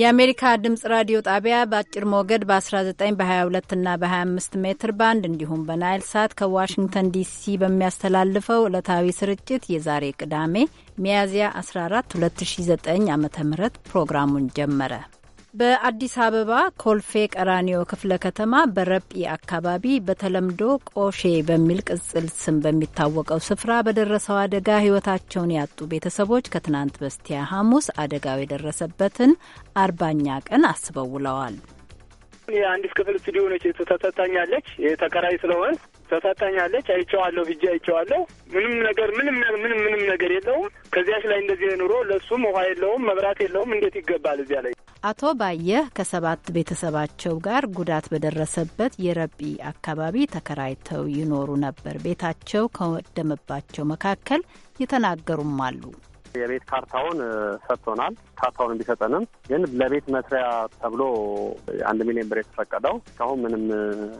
የአሜሪካ ድምጽ ራዲዮ ጣቢያ በአጭር ሞገድ በ19 በ22 እና በ25 ሜትር ባንድ እንዲሁም በናይል ሳት ከዋሽንግተን ዲሲ በሚያስተላልፈው ዕለታዊ ስርጭት የዛሬ ቅዳሜ ሚያዝያ 14 2009 ዓ ም ፕሮግራሙን ጀመረ። በአዲስ አበባ ኮልፌ ቀራኒዮ ክፍለ ከተማ በረጲ አካባቢ በተለምዶ ቆሼ በሚል ቅጽል ስም በሚታወቀው ስፍራ በደረሰው አደጋ ሕይወታቸውን ያጡ ቤተሰቦች ከትናንት በስቲያ ሐሙስ አደጋው የደረሰበትን አርባኛ ቀን አስበውለዋል። የአንዲት ክፍል ስቱዲዮ ነች። ተሰጣኛለች ስለሆን ተሳታኛለች አይቼዋለሁ ብዬ አይቼዋለሁ። ምንም ነገር ምንም ምንም ምንም ነገር የለውም። ከዚያች ላይ እንደዚህ ኑሮ ለእሱም ውሃ የለውም መብራት የለውም። እንዴት ይገባል እዚያ ላይ? አቶ ባየህ ከሰባት ቤተሰባቸው ጋር ጉዳት በደረሰበት የረቢ አካባቢ ተከራይተው ይኖሩ ነበር። ቤታቸው ከወደመባቸው መካከል የተናገሩም አሉ። የቤት ካርታውን ሰጥቶናል። ካርታውን ቢሰጠንም ግን ለቤት መስሪያ ተብሎ አንድ ሚሊዮን ብር የተፈቀደው እስካሁን ምንም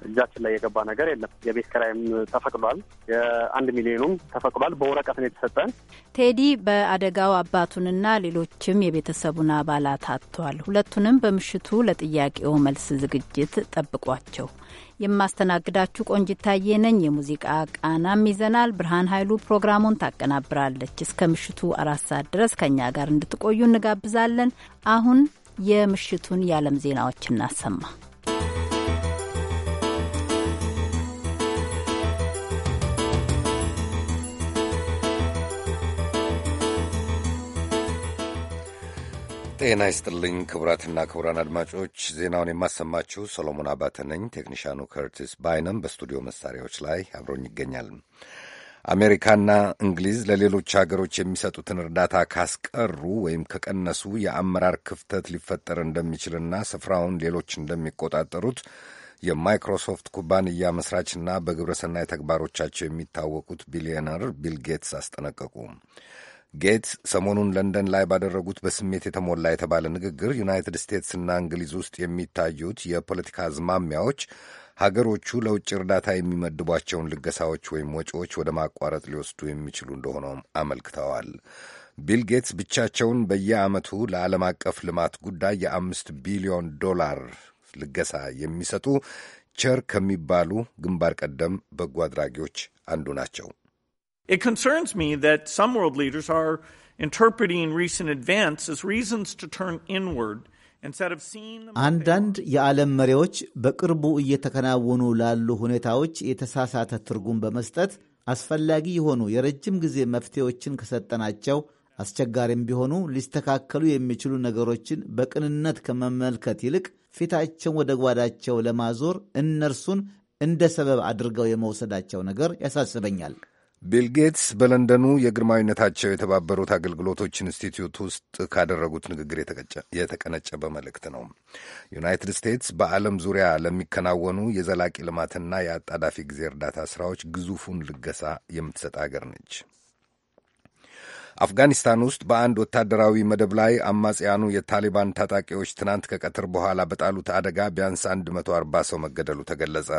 እጃችን ላይ የገባ ነገር የለም። የቤት ክራይም ተፈቅዷል፣ የአንድ ሚሊዮኑም ተፈቅዷል። በወረቀት ነው የተሰጠን። ቴዲ በአደጋው አባቱንና ሌሎችም የቤተሰቡን አባላት አጥቷል። ሁለቱንም በምሽቱ ለጥያቄው መልስ ዝግጅት ጠብቋቸው። የማስተናግዳችሁ ቆንጂት ነኝ። የሙዚቃ ቃናም ይዘናል። ብርሃን ኃይሉ ፕሮግራሙን ታቀናብራለች። እስከ ምሽቱ አራት ሰዓት ድረስ ከእኛ ጋር እንድትቆዩ እንጋብዛለን። አሁን የምሽቱን የዓለም ዜናዎች እናሰማ። ጤና ይስጥልኝ ክቡራትና ክቡራን አድማጮች፣ ዜናውን የማሰማችው ሰሎሞን አባተ ነኝ። ቴክኒሽያኑ ከርቲስ ባይነም በስቱዲዮ መሳሪያዎች ላይ አብሮኝ ይገኛል። አሜሪካና እንግሊዝ ለሌሎች ሀገሮች የሚሰጡትን እርዳታ ካስቀሩ ወይም ከቀነሱ የአመራር ክፍተት ሊፈጠር እንደሚችልና ስፍራውን ሌሎች እንደሚቆጣጠሩት የማይክሮሶፍት ኩባንያ መስራችና በግብረሰናይ ተግባሮቻቸው የሚታወቁት ቢሊዮነር ቢል ጌትስ አስጠነቀቁ። ጌትስ ሰሞኑን ለንደን ላይ ባደረጉት በስሜት የተሞላ የተባለ ንግግር ዩናይትድ ስቴትስና እንግሊዝ ውስጥ የሚታዩት የፖለቲካ አዝማሚያዎች ሀገሮቹ ለውጭ እርዳታ የሚመድቧቸውን ልገሳዎች ወይም ወጪዎች ወደ ማቋረጥ ሊወስዱ የሚችሉ እንደሆነም አመልክተዋል። ቢል ጌትስ ብቻቸውን በየዓመቱ ለዓለም አቀፍ ልማት ጉዳይ የአምስት ቢሊዮን ዶላር ልገሳ የሚሰጡ ቸር ከሚባሉ ግንባር ቀደም በጎ አድራጊዎች አንዱ ናቸው። It concerns me that some world leaders are interpreting recent events as reasons to turn inward አንዳንድ የዓለም መሪዎች በቅርቡ እየተከናወኑ ላሉ ሁኔታዎች የተሳሳተ ትርጉም በመስጠት አስፈላጊ የሆኑ የረጅም ጊዜ መፍትሄዎችን ከሰጠናቸው አስቸጋሪም ቢሆኑ ሊስተካከሉ የሚችሉ ነገሮችን በቅንነት ከመመልከት ይልቅ ፊታቸውን ወደ ጓዳቸው ለማዞር እነርሱን እንደ ሰበብ አድርገው የመውሰዳቸው ነገር ያሳስበኛል። ቢል ጌትስ በለንደኑ የግርማዊነታቸው የተባበሩት አገልግሎቶች ኢንስቲትዩት ውስጥ ካደረጉት ንግግር የተቀነጨበ መልእክት ነው። ዩናይትድ ስቴትስ በዓለም ዙሪያ ለሚከናወኑ የዘላቂ ልማትና የአጣዳፊ ጊዜ እርዳታ ስራዎች ግዙፉን ልገሳ የምትሰጥ አገር ነች። አፍጋኒስታን ውስጥ በአንድ ወታደራዊ መደብ ላይ አማጽያኑ የታሊባን ታጣቂዎች ትናንት ከቀትር በኋላ በጣሉት አደጋ ቢያንስ 140 ሰው መገደሉ ተገለጸ።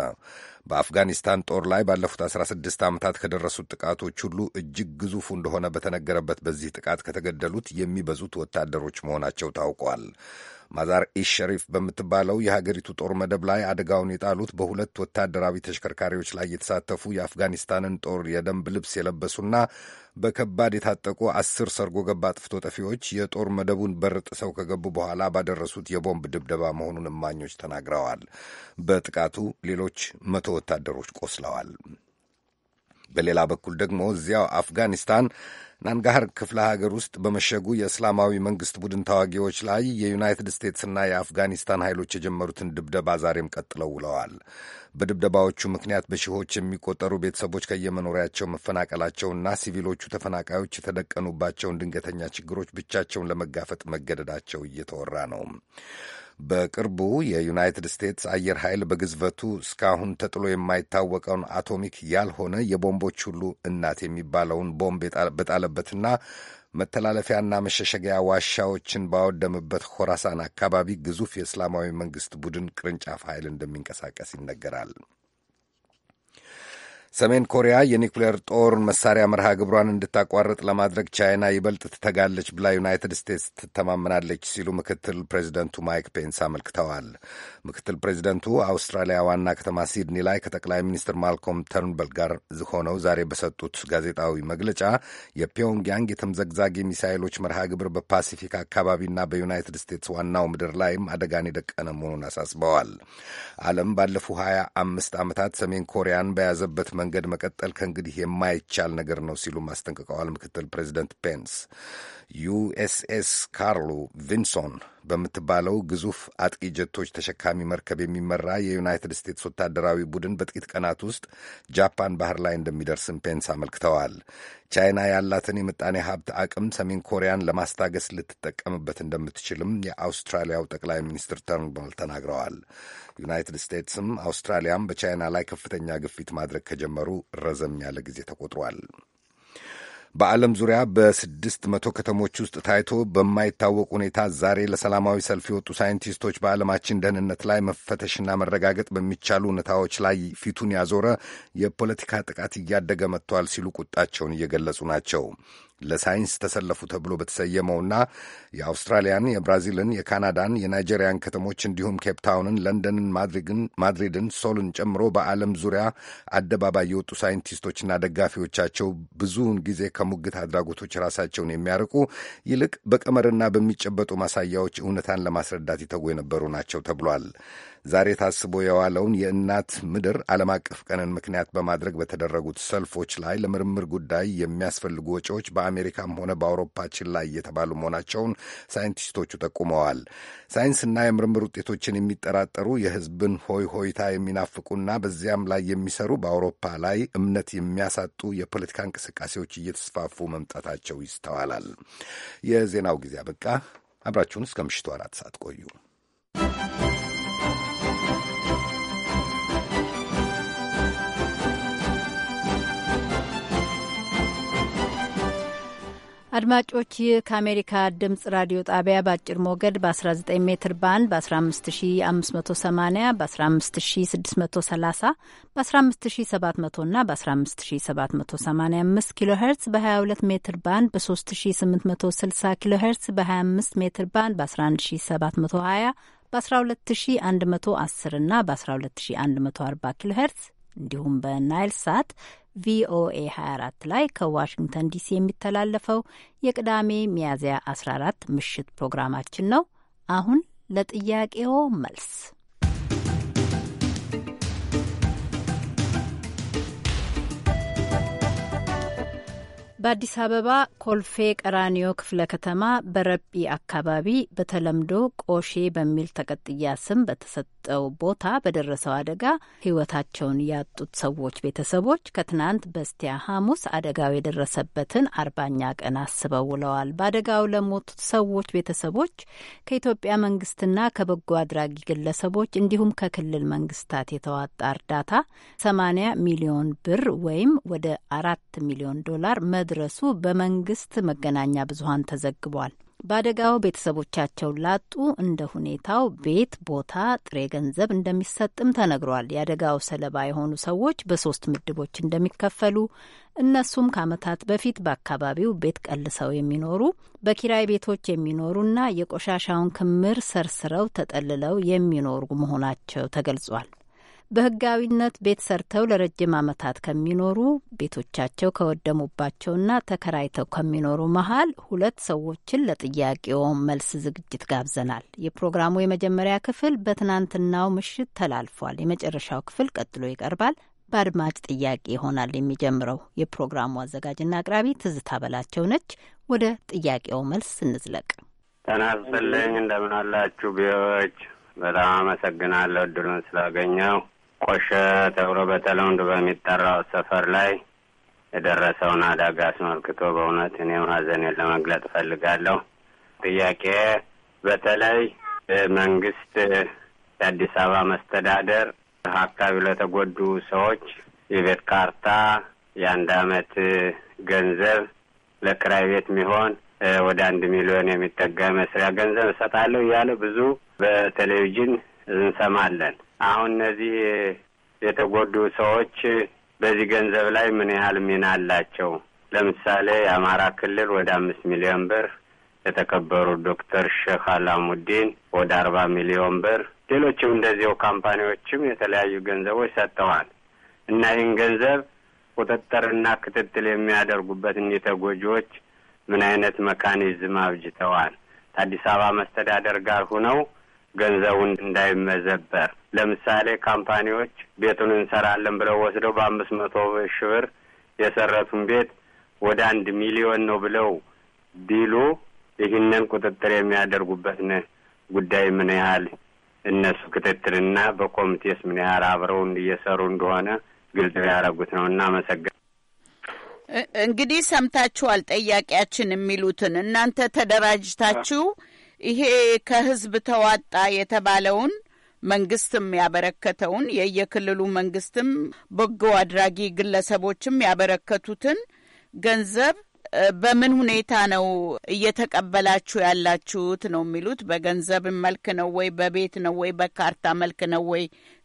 በአፍጋኒስታን ጦር ላይ ባለፉት 16 ዓመታት ከደረሱት ጥቃቶች ሁሉ እጅግ ግዙፉ እንደሆነ በተነገረበት በዚህ ጥቃት ከተገደሉት የሚበዙት ወታደሮች መሆናቸው ታውቋል። ማዛር ኢሽ ሸሪፍ በምትባለው የሀገሪቱ ጦር መደብ ላይ አደጋውን የጣሉት በሁለት ወታደራዊ ተሽከርካሪዎች ላይ የተሳተፉ የአፍጋኒስታንን ጦር የደንብ ልብስ የለበሱና በከባድ የታጠቁ አስር ሰርጎ ገብ አጥፍቶ ጠፊዎች የጦር መደቡን በር ጥሰው ከገቡ በኋላ ባደረሱት የቦምብ ድብደባ መሆኑን እማኞች ተናግረዋል። በጥቃቱ ሌሎች መቶ ወታደሮች ቆስለዋል። በሌላ በኩል ደግሞ እዚያው አፍጋኒስታን ናንጋሃር ክፍለ ሀገር ውስጥ በመሸጉ የእስላማዊ መንግሥት ቡድን ታዋጊዎች ላይ የዩናይትድ ስቴትስና የአፍጋኒስታን ኃይሎች የጀመሩትን ድብደባ ዛሬም ቀጥለው ውለዋል። በድብደባዎቹ ምክንያት በሺዎች የሚቆጠሩ ቤተሰቦች ከየመኖሪያቸው መፈናቀላቸውና ሲቪሎቹ ተፈናቃዮች የተደቀኑባቸውን ድንገተኛ ችግሮች ብቻቸውን ለመጋፈጥ መገደዳቸው እየተወራ ነው። በቅርቡ የዩናይትድ ስቴትስ አየር ኃይል በግዝበቱ እስካሁን ተጥሎ የማይታወቀውን አቶሚክ ያልሆነ የቦምቦች ሁሉ እናት የሚባለውን ቦምብ በጣለበትና መተላለፊያና መሸሸጊያ ዋሻዎችን ባወደመበት ሆራሳን አካባቢ ግዙፍ የእስላማዊ መንግስት ቡድን ቅርንጫፍ ኃይል እንደሚንቀሳቀስ ይነገራል። ሰሜን ኮሪያ የኒውክሌር ጦር መሳሪያ መርሃ ግብሯን እንድታቋርጥ ለማድረግ ቻይና ይበልጥ ትተጋለች ብላ ዩናይትድ ስቴትስ ትተማመናለች ሲሉ ምክትል ፕሬዚደንቱ ማይክ ፔንስ አመልክተዋል። ምክትል ፕሬዚደንቱ አውስትራሊያ ዋና ከተማ ሲድኒ ላይ ከጠቅላይ ሚኒስትር ማልኮም ተርንበል ጋር ሆነው ዛሬ በሰጡት ጋዜጣዊ መግለጫ የፒዮንግያንግ የተምዘግዛጊ ሚሳይሎች መርሃ ግብር በፓሲፊክ አካባቢና በዩናይትድ ስቴትስ ዋናው ምድር ላይም አደጋን የደቀነ መሆኑን አሳስበዋል። ዓለም ባለፉ ሀያ አምስት ዓመታት ሰሜን ኮሪያን በያዘበት መንገድ መቀጠል ከእንግዲህ የማይቻል ነገር ነው ሲሉ አስጠንቅቀዋል። ምክትል ፕሬዚደንት ፔንስ ዩኤስኤስ ካርሎ ቪንሶን በምትባለው ግዙፍ አጥቂ ጀቶች ተሸካሚ መርከብ የሚመራ የዩናይትድ ስቴትስ ወታደራዊ ቡድን በጥቂት ቀናት ውስጥ ጃፓን ባህር ላይ እንደሚደርስም ፔንስ አመልክተዋል። ቻይና ያላትን የምጣኔ ሀብት አቅም ሰሜን ኮሪያን ለማስታገስ ልትጠቀምበት እንደምትችልም የአውስትራሊያው ጠቅላይ ሚኒስትር ተርንቦል ተናግረዋል። ዩናይትድ ስቴትስም አውስትራሊያም በቻይና ላይ ከፍተኛ ግፊት ማድረግ ከጀመሩ ረዘም ያለ ጊዜ ተቆጥሯል። በዓለም ዙሪያ በስድስት መቶ ከተሞች ውስጥ ታይቶ በማይታወቅ ሁኔታ ዛሬ ለሰላማዊ ሰልፍ የወጡ ሳይንቲስቶች በዓለማችን ደህንነት ላይ መፈተሽና መረጋገጥ በሚቻሉ እውነታዎች ላይ ፊቱን ያዞረ የፖለቲካ ጥቃት እያደገ መጥቷል ሲሉ ቁጣቸውን እየገለጹ ናቸው። ለሳይንስ ተሰለፉ ተብሎ በተሰየመውና የአውስትራሊያን፣ የብራዚልን፣ የካናዳን፣ የናይጄሪያን ከተሞች እንዲሁም ኬፕታውንን፣ ለንደንን፣ ማድሪድን፣ ሶልን ጨምሮ በዓለም ዙሪያ አደባባይ የወጡ ሳይንቲስቶችና ደጋፊዎቻቸው ብዙውን ጊዜ ከሙግት አድራጎቶች ራሳቸውን የሚያርቁ ይልቅ በቀመርና በሚጨበጡ ማሳያዎች እውነታን ለማስረዳት ይተጉ የነበሩ ናቸው ተብሏል። ዛሬ ታስቦ የዋለውን የእናት ምድር ዓለም አቀፍ ቀንን ምክንያት በማድረግ በተደረጉት ሰልፎች ላይ ለምርምር ጉዳይ የሚያስፈልጉ ወጪዎች በአሜሪካም ሆነ በአውሮፓ ችላ እየተባሉ መሆናቸውን ሳይንቲስቶቹ ጠቁመዋል። ሳይንስና የምርምር ውጤቶችን የሚጠራጠሩ የሕዝብን ሆይ ሆይታ የሚናፍቁና በዚያም ላይ የሚሰሩ በአውሮፓ ላይ እምነት የሚያሳጡ የፖለቲካ እንቅስቃሴዎች እየተስፋፉ መምጣታቸው ይስተዋላል። የዜናው ጊዜ አበቃ። አብራችሁን እስከ ምሽቱ አራት ሰዓት ቆዩ። አድማጮች ይህ ከአሜሪካ ድምጽ ራዲዮ ጣቢያ በአጭር ሞገድ በ19 ሜትር ባንድ በ15580 በ15630 በ15700 እና በ15785 ኪሎ ሄርትስ በ22 ሜትር ባንድ በ3860 ኪሎ ሄርትስ በ25 ሜትር ባንድ በ11720 በ12110 እና በ12140 ኪሎ ሄርትስ እንዲሁም በናይል ሳት ቪኦኤ 24 ላይ ከዋሽንግተን ዲሲ የሚተላለፈው የቅዳሜ ሚያዝያ 14 ምሽት ፕሮግራማችን ነው። አሁን ለጥያቄዎ መልስ በአዲስ አበባ ኮልፌ ቀራኒዮ ክፍለ ከተማ በረጲ አካባቢ በተለምዶ ቆሼ በሚል ተቀጥያ ስም በተሰጠው ቦታ በደረሰው አደጋ ሕይወታቸውን ያጡት ሰዎች ቤተሰቦች ከትናንት በስቲያ ሐሙስ አደጋው የደረሰበትን አርባኛ ቀን አስበው ውለዋል። በአደጋው ለሞቱት ሰዎች ቤተሰቦች ከኢትዮጵያ መንግስትና ከበጎ አድራጊ ግለሰቦች እንዲሁም ከክልል መንግስታት የተዋጣ እርዳታ 80 ሚሊዮን ብር ወይም ወደ አራት ሚሊዮን ዶላር መድ መድረሱ በመንግስት መገናኛ ብዙሀን ተዘግቧል። በአደጋው ቤተሰቦቻቸውን ላጡ እንደ ሁኔታው ቤት፣ ቦታ፣ ጥሬ ገንዘብ እንደሚሰጥም ተነግሯል። የአደጋው ሰለባ የሆኑ ሰዎች በሶስት ምድቦች እንደሚከፈሉ እነሱም ከዓመታት በፊት በአካባቢው ቤት ቀልሰው የሚኖሩ በኪራይ ቤቶች የሚኖሩና የቆሻሻውን ክምር ሰርስረው ተጠልለው የሚኖሩ መሆናቸው ተገልጿል። በህጋዊነት ቤት ሰርተው ለረጅም ዓመታት ከሚኖሩ ቤቶቻቸው ከወደሙባቸውና ተከራይተው ከሚኖሩ መሀል ሁለት ሰዎችን ለጥያቄው መልስ ዝግጅት ጋብዘናል። የፕሮግራሙ የመጀመሪያ ክፍል በትናንትናው ምሽት ተላልፏል። የመጨረሻው ክፍል ቀጥሎ ይቀርባል። በአድማጭ ጥያቄ ይሆናል የሚጀምረው። የፕሮግራሙ አዘጋጅና አቅራቢ ትዝታ በላቸው ነች። ወደ ጥያቄው መልስ እንዝለቅ። ተናስልኝ እንደምን አላችሁ ቢዎች? በጣም አመሰግናለሁ እድሉን ስላገኘው ቆሸ ተብሎ በተለምዶ በሚጠራው ሰፈር ላይ የደረሰውን አደጋ አስመልክቶ በእውነት እኔም ሀዘኔን ለመግለጥ እፈልጋለሁ። ጥያቄ በተለይ መንግስት የአዲስ አበባ መስተዳደር አካባቢ ለተጎዱ ሰዎች የቤት ካርታ፣ የአንድ አመት ገንዘብ ለክራይ ቤት የሚሆን ወደ አንድ ሚሊዮን የሚጠጋ መስሪያ ገንዘብ እሰጣለሁ እያለ ብዙ በቴሌቪዥን እንሰማለን። አሁን እነዚህ የተጎዱ ሰዎች በዚህ ገንዘብ ላይ ምን ያህል ሚና አላቸው? ለምሳሌ የአማራ ክልል ወደ አምስት ሚሊዮን ብር የተከበሩ ዶክተር ሼክ አላሙዲን ወደ አርባ ሚሊዮን ብር ሌሎችም እንደዚሁ ካምፓኒዎችም የተለያዩ ገንዘቦች ሰጥተዋል እና ይህን ገንዘብ ቁጥጥርና ክትትል የሚያደርጉበት እኒ ተጎጂዎች ምን አይነት መካኒዝም አብጅተዋል? ከአዲስ አበባ መስተዳደር ጋር ሁነው ገንዘቡን እንዳይመዘበር። ለምሳሌ ካምፓኒዎች ቤቱን እንሰራለን ብለው ወስደው በአምስት መቶ ሺ ብር የሰረቱን ቤት ወደ አንድ ሚሊዮን ነው ብለው ቢሉ ይህንን ቁጥጥር የሚያደርጉበትን ጉዳይ ምን ያህል እነሱ ክትትልና በኮሚቴስ ምን ያህል አብረው እየሰሩ እንደሆነ ግልጽ ያደረጉት ነው። እናመሰግናለን። እንግዲህ ሰምታችኋል ጠያቂያችን የሚሉትን እናንተ ተደራጅታችሁ ይሄ ከህዝብ ተዋጣ የተባለውን መንግስትም ያበረከተውን የየክልሉ መንግስትም በጎ አድራጊ ግለሰቦችም ያበረከቱትን ገንዘብ በምን ሁኔታ ነው እየተቀበላችሁ ያላችሁት ነው የሚሉት። በገንዘብ መልክ ነው ወይ በቤት ነው ወይ በካርታ መልክ ነው ወይ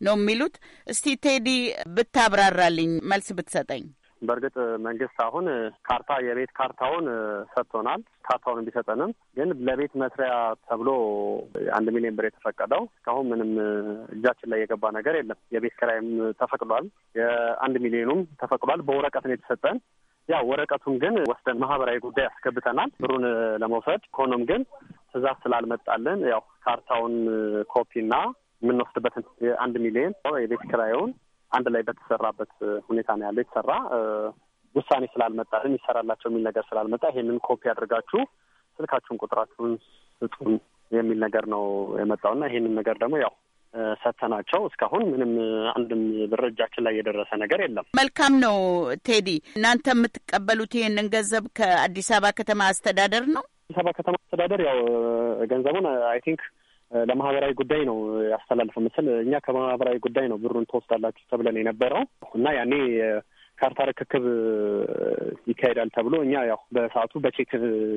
ነው የሚሉት። እስቲ ቴዲ ብታብራራልኝ፣ መልስ ብትሰጠኝ። በእርግጥ መንግስት አሁን ካርታ የቤት ካርታውን ሰጥቶናል። ካርታውን ቢሰጠንም ግን ለቤት መስሪያ ተብሎ አንድ ሚሊዮን ብር የተፈቀደው እስካሁን ምንም እጃችን ላይ የገባ ነገር የለም። የቤት ክራይም ተፈቅዷል፣ የአንድ ሚሊዮኑም ተፈቅዷል። በወረቀት ነው የተሰጠን። ያ ወረቀቱን ግን ወስደን ማህበራዊ ጉዳይ ያስገብተናል ብሩን ለመውሰድ። ከሆኖም ግን ትእዛዝ ስላልመጣልን ያው ካርታውን ኮፒና የምንወስድበትን የአንድ ሚሊዮን የቤት ኪራዩን አንድ ላይ በተሰራበት ሁኔታ ነው ያለው። የተሰራ ውሳኔ ስላልመጣልን ይሰራላቸው የሚል ነገር ስላልመጣ ይሄንን ኮፒ አድርጋችሁ ስልካችሁን፣ ቁጥራችሁን ስጡን የሚል ነገር ነው የመጣውና ይሄንን ነገር ደግሞ ያው ሰተናቸው እስካሁን ምንም አንድም ብር እጃችን ላይ የደረሰ ነገር የለም። መልካም ነው ቴዲ። እናንተ የምትቀበሉት ይህንን ገንዘብ ከአዲስ አበባ ከተማ አስተዳደር ነው? አዲስ አበባ ከተማ አስተዳደር ያው ገንዘቡን አይ ቲንክ ለማህበራዊ ጉዳይ ነው ያስተላልፈው ምስል እኛ ከማህበራዊ ጉዳይ ነው ብሩን ትወስዳላችሁ ተብለን የነበረው እና ያኔ ካርታ ርክክብ ይካሄዳል ተብሎ እኛ ያው በሰዓቱ በቼክ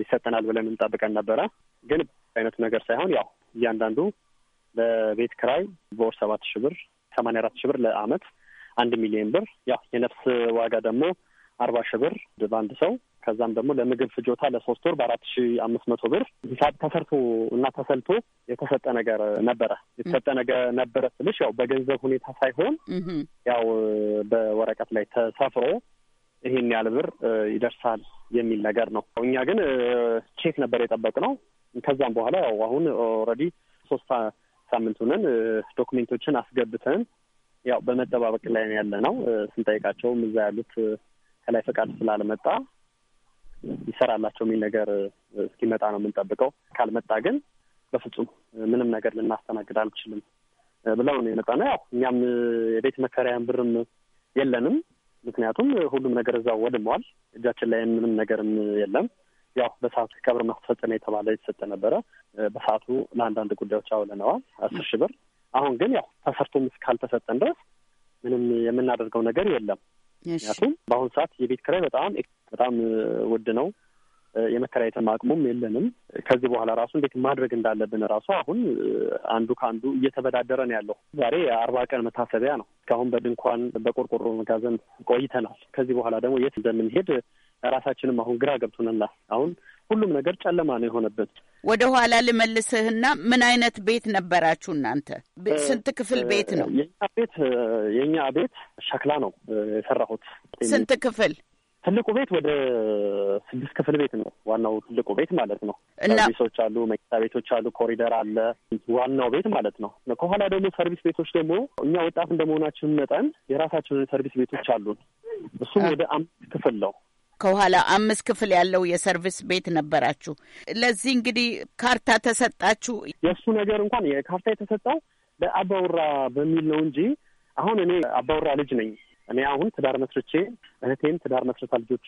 ይሰጠናል ብለን እንጠብቀን ነበረ። ግን አይነት ነገር ሳይሆን ያው እያንዳንዱ ለቤት ክራይ በወር ሰባት ሺ ብር፣ ሰማንያ አራት ሺ ብር ለአመት አንድ ሚሊዮን ብር ያው የነፍስ ዋጋ ደግሞ አርባ ሺ ብር በአንድ ሰው ከዛም ደግሞ ለምግብ ፍጆታ ለሶስት ወር በአራት ሺ አምስት መቶ ብር ሂሳብ ተሰርቶ እና ተሰልቶ የተሰጠ ነገር ነበረ። የተሰጠ ነገር ነበረ ስልሽ ያው በገንዘብ ሁኔታ ሳይሆን ያው በወረቀት ላይ ተሰፍሮ ይሄን ያህል ብር ይደርሳል የሚል ነገር ነው። እኛ ግን ቼክ ነበር የጠበቅነው። ከዛም በኋላ ያው አሁን ኦልሬዲ ሶስት ሳምንት ሆነን ዶክሜንቶችን አስገብተን ያው በመጠባበቅ ላይ ያለ ነው። ስንጠይቃቸውም እዛ ያሉት ከላይ ፈቃድ ስላልመጣ ይሰራላቸው የሚል ነገር እስኪመጣ ነው የምንጠብቀው። ካልመጣ ግን በፍጹም ምንም ነገር ልናስተናግድ አልችልም ብለው ነው የመጣ ነው። ያው እኛም የቤት መከራያን ብርም የለንም። ምክንያቱም ሁሉም ነገር እዛው ወድመዋል። እጃችን ላይ ምንም ነገርም የለም። ያው በሰዓቱ ቀብር ማስፈጸሚያ የተባለ የተሰጠ ነበረ። በሰዓቱ ለአንዳንድ ጉዳዮች አውለነዋል አስር ሺህ ብር። አሁን ግን ያው ተሰርቶም እስካልተሰጠን ድረስ ምንም የምናደርገው ነገር የለም። ምክንያቱም በአሁኑ ሰዓት የቤት ክራይ በጣም በጣም ውድ ነው። የመከራየትም አቅሙም የለንም። ከዚህ በኋላ ራሱ እንዴት ማድረግ እንዳለብን ራሱ አሁን አንዱ ከአንዱ እየተበዳደረ ነው ያለው። ዛሬ የአርባ ቀን መታሰቢያ ነው። እስካሁን በድንኳን በቆርቆሮ መጋዘን ቆይተናል። ከዚህ በኋላ ደግሞ የት እንደምንሄድ ራሳችንም አሁን ግራ ገብቶናል። አሁን ሁሉም ነገር ጨለማ ነው የሆነበት። ወደ ኋላ ልመልስህና ምን አይነት ቤት ነበራችሁ እናንተ? ስንት ክፍል ቤት ነው? የኛ ቤት የእኛ ቤት ሸክላ ነው የሰራሁት። ስንት ክፍል? ትልቁ ቤት ወደ ስድስት ክፍል ቤት ነው። ዋናው ትልቁ ቤት ማለት ነው። ሰርቪሶች አሉ፣ መኝታ ቤቶች አሉ፣ ኮሪደር አለ። ዋናው ቤት ማለት ነው። ከኋላ ደግሞ ሰርቪስ ቤቶች ደግሞ እኛ ወጣት እንደመሆናችን መጠን የራሳቸውን ሰርቪስ ቤቶች አሉን። እሱም ወደ አምስት ክፍል ነው። ከኋላ አምስት ክፍል ያለው የሰርቪስ ቤት ነበራችሁ። ለዚህ እንግዲህ ካርታ ተሰጣችሁ። የእሱ ነገር እንኳን የካርታ የተሰጠው በአባውራ በሚል ነው እንጂ አሁን እኔ አባውራ ልጅ ነኝ። እኔ አሁን ትዳር መስርቼ እህቴም ትዳር መስረታ ልጆች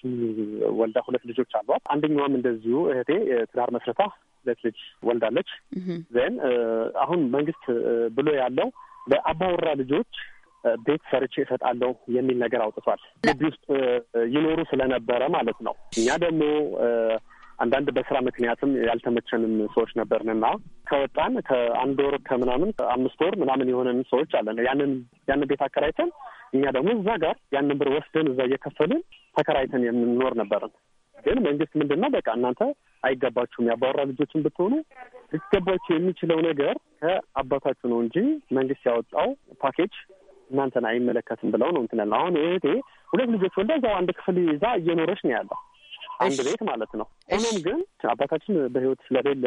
ወልዳ ሁለት ልጆች አሏት። አንደኛዋም እንደዚሁ እህቴ ትዳር መስረታ ሁለት ልጅ ወልዳለች። ዘን አሁን መንግስት ብሎ ያለው ለአባወራ ልጆች ቤት ሰርቼ እሰጣለሁ የሚል ነገር አውጥቷል። ግቢ ውስጥ ይኖሩ ስለነበረ ማለት ነው። እኛ ደግሞ አንዳንድ በስራ ምክንያትም ያልተመቸንም ሰዎች ነበርንና ከወጣን ከአንድ ወር ከምናምን አምስት ወር ምናምን የሆነን ሰዎች አለን። ያንን ያንን ቤት አከራይተን እኛ ደግሞ እዛ ጋር ያንን ብር ወስደን እዛ እየከፈልን ተከራይተን የምንኖር ነበርን። ግን መንግስት ምንድን ነው በቃ እናንተ አይገባችሁም፣ የአባወራ ልጆችን ብትሆኑ ሊገባችሁ የሚችለው ነገር ከአባታችሁ ነው እንጂ መንግስት ያወጣው ፓኬጅ እናንተን አይመለከትም ብለው ነው እንትን ያለው። አሁን እህቴ ሁለት ልጆች ወልዳ እዛው አንድ ክፍል ይዛ እየኖረች ነው ያለው አንድ ቤት ማለት ነው። ሆኖም ግን አባታችን በህይወት ስለሌለ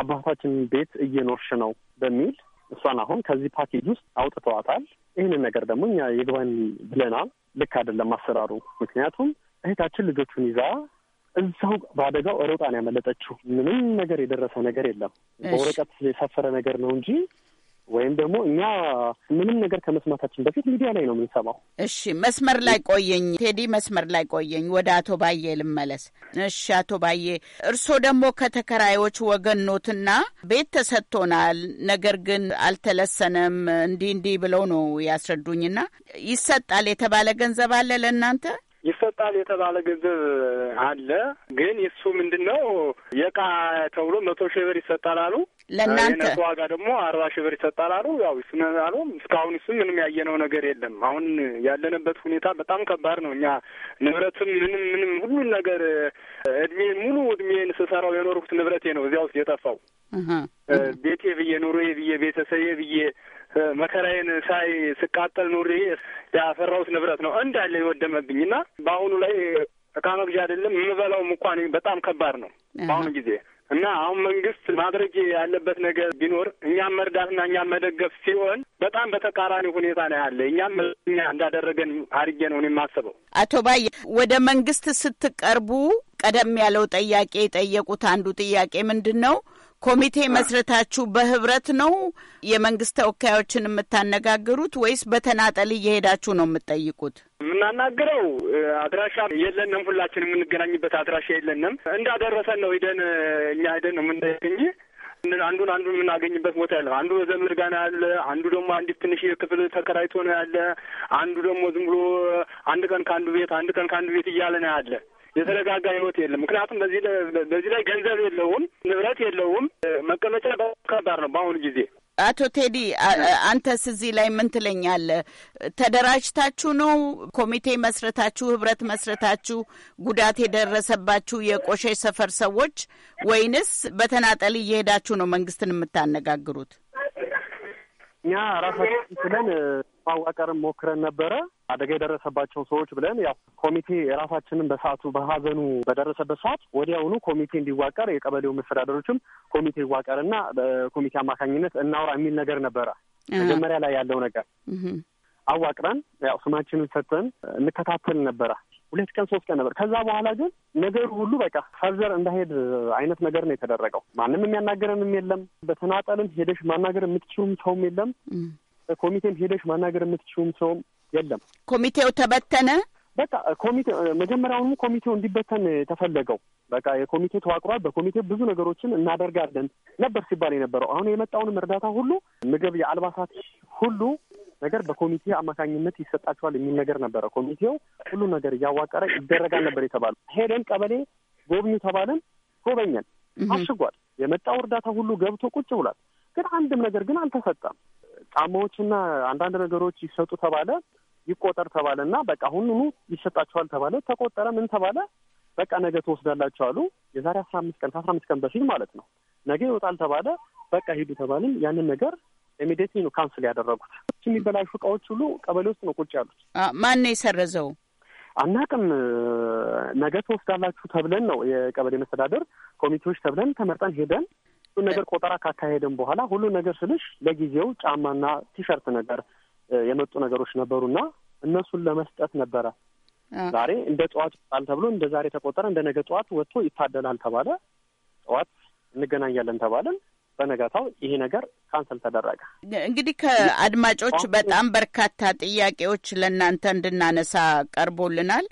አባታችን ቤት እየኖርሽ ነው በሚል እሷን አሁን ከዚህ ፓኬጅ ውስጥ አውጥተዋታል። ይህንን ነገር ደግሞ እኛ የግባን ብለናል። ልክ አይደለም አሰራሩ። ምክንያቱም እህታችን ልጆቹን ይዛ እዛው በአደጋው ሮጣን ያመለጠችው ምንም ነገር የደረሰ ነገር የለም። በወረቀት የሰፈረ ነገር ነው እንጂ ወይም ደግሞ እኛ ምንም ነገር ከመስማታችን በፊት ሚዲያ ላይ ነው የምንሰማው። እሺ መስመር ላይ ቆየኝ ቴዲ፣ መስመር ላይ ቆየኝ። ወደ አቶ ባዬ ልመለስ። እሺ አቶ ባዬ፣ እርስዎ ደግሞ ከተከራዮች ወገኖትና ቤት ተሰጥቶናል፣ ነገር ግን አልተለሰነም እንዲህ እንዲህ ብለው ነው ያስረዱኝና ይሰጣል የተባለ ገንዘብ አለ ለእናንተ? ይሰጣል የተባለ ገንዘብ አለ። ግን እሱ ምንድን ነው የቃ ተብሎ መቶ ሺህ ብር ይሰጣል አሉ። ለእናንተ ዋጋ ደግሞ አርባ ሺህ ብር ይሰጣል አሉ። ያው ስነ አሉ። እስካሁን እሱ ምንም ያየነው ነገር የለም። አሁን ያለንበት ሁኔታ በጣም ከባድ ነው። እኛ ንብረትም ምንም ምንም ሁሉን ነገር እድሜ ሙሉ እድሜን ስሰራው የኖርኩት ንብረቴ ነው እዚያ ውስጥ የጠፋው ቤቴ ብዬ ኑሮዬ ብዬ ቤተሰቤ ብዬ መከራዬን ሳይ ስቃጠል ኑሬ ያፈራሁት ንብረት ነው እንዳለ የወደመብኝ እና በአሁኑ ላይ እቃ መግዣ አይደለም የምበላውም እንኳን በጣም ከባድ ነው በአሁኑ ጊዜ እና አሁን መንግስት ማድረግ ያለበት ነገር ቢኖር እኛም መርዳትና እኛም መደገፍ ሲሆን በጣም በተቃራኒ ሁኔታ ነው ያለ። እኛም እኛ እንዳደረገን አድርጌ ነው የማስበው። አቶ ባየ ወደ መንግስት ስትቀርቡ ቀደም ያለው ጥያቄ የጠየቁት አንዱ ጥያቄ ምንድን ነው? ኮሚቴ መስረታችሁ በህብረት ነው የመንግስት ተወካዮችን የምታነጋግሩት ወይስ በተናጠል እየሄዳችሁ ነው የምትጠይቁት? የምናናግረው አድራሻ የለንም። ሁላችን የምንገናኝበት አድራሻ የለንም። እንዳደረሰን ነው ሂደን እኛ ሂደን ነው የምናገኝ አንዱን አንዱ የምናገኝበት ቦታ ያለ አንዱ በዘመድ ጋር ያለ። አንዱ ደግሞ አንዲት ትንሽ ክፍል ተከራይቶ ነው ያለ። አንዱ ደግሞ ዝም ብሎ አንድ ቀን ከአንዱ ቤት አንድ ቀን ከአንዱ ቤት እያለ ነው ያለ። የተረጋጋ ህይወት የለም። ምክንያቱም በዚህ ላይ ገንዘብ የለውም፣ ንብረት የለውም። መቀመጫ ከባድ ነው በአሁኑ ጊዜ። አቶ ቴዲ አንተስ እዚህ ላይ ምን ትለኛለህ? ተደራጅታችሁ ነው ኮሚቴ መስረታችሁ፣ ህብረት መስረታችሁ ጉዳት የደረሰባችሁ የቆሼ ሰፈር ሰዎች ወይንስ በተናጠል እየሄዳችሁ ነው መንግስትን የምታነጋግሩት? እኛ ራሳችን ስለን ማዋቀርም ሞክረን ነበረ። አደጋ የደረሰባቸውን ሰዎች ብለን ያው ኮሚቴ የራሳችንን በሰዓቱ በሀዘኑ በደረሰበት ሰዓት ወዲያውኑ ኮሚቴ እንዲዋቀር የቀበሌው መስተዳደሮችም ኮሚቴ ይዋቀርና በኮሚቴ አማካኝነት እናውራ የሚል ነገር ነበረ። መጀመሪያ ላይ ያለው ነገር አዋቅረን ያው ስማችንን ሰጥተን እንከታተል ነበረ። ሁለት ቀን ሶስት ቀን ነበር። ከዛ በኋላ ግን ነገሩ ሁሉ በቃ ፈርዘር እንዳሄድ አይነት ነገር ነው የተደረገው። ማንም የሚያናገረንም የለም። በተናጠልም ሄደሽ ማናገር የምትችሉም ሰውም የለም። ኮሚቴም ሄደሽ ማናገር የምትችውም ሰውም የለም። ኮሚቴው ተበተነ። በቃ ኮሚቴ መጀመሪያውኑ ኮሚቴው እንዲበተን ተፈለገው። በቃ የኮሚቴ ተዋቅሯል። በኮሚቴ ብዙ ነገሮችን እናደርጋለን ነበር ሲባል የነበረው አሁን የመጣውንም እርዳታ ሁሉ ምግብ፣ የአልባሳት ሁሉ ነገር በኮሚቴ አማካኝነት ይሰጣቸዋል የሚል ነገር ነበረ። ኮሚቴው ሁሉ ነገር እያዋቀረ ይደረጋል ነበር የተባሉ ሄደን ቀበሌ ጎብኙ ተባለን፣ ጎበኘን፣ አሽጓል። የመጣው እርዳታ ሁሉ ገብቶ ቁጭ ብሏል። ግን አንድም ነገር ግን አልተሰጠም። ጫማዎችና አንዳንድ ነገሮች ይሰጡ ተባለ፣ ይቆጠር ተባለ እና በቃ ሁኑኑ ይሰጣችኋል ተባለ፣ ተቆጠረ። ምን ተባለ? በቃ ነገ ትወስዳላችሁ አሉ። የዛሬ አስራ አምስት ቀን ከአስራ አምስት ቀን በፊት ማለት ነው። ነገ ይወጣል ተባለ፣ በቃ ሂዱ ተባልን። ያንን ነገር ኢሚዲየትሊ ነው ካንስል ያደረጉት። የሚበላሹ እቃዎች ሁሉ ቀበሌ ውስጥ ነው ቁጭ ያሉት። ማን ነው የሰረዘው? አናቅም። ነገ ትወስዳላችሁ ተብለን ነው የቀበሌ መስተዳደር ኮሚቴዎች ተብለን ተመርጠን ሄደን ሁሉን ነገር ቆጠራ ካካሄድን በኋላ ሁሉ ነገር ስልሽ ለጊዜው ጫማና ቲሸርት ነገር የመጡ ነገሮች ነበሩና እነሱን ለመስጠት ነበረ። ዛሬ እንደ ጠዋት ይጣል ተብሎ እንደ ዛሬ ተቆጠረ። እንደ ነገ ጠዋት ወጥቶ ይታደላል ተባለ። ጠዋት እንገናኛለን ተባለን። በነጋታው ይሄ ነገር ካንሰል ተደረገ። እንግዲህ ከአድማጮች በጣም በርካታ ጥያቄዎች ለእናንተ እንድናነሳ ቀርቦልናል።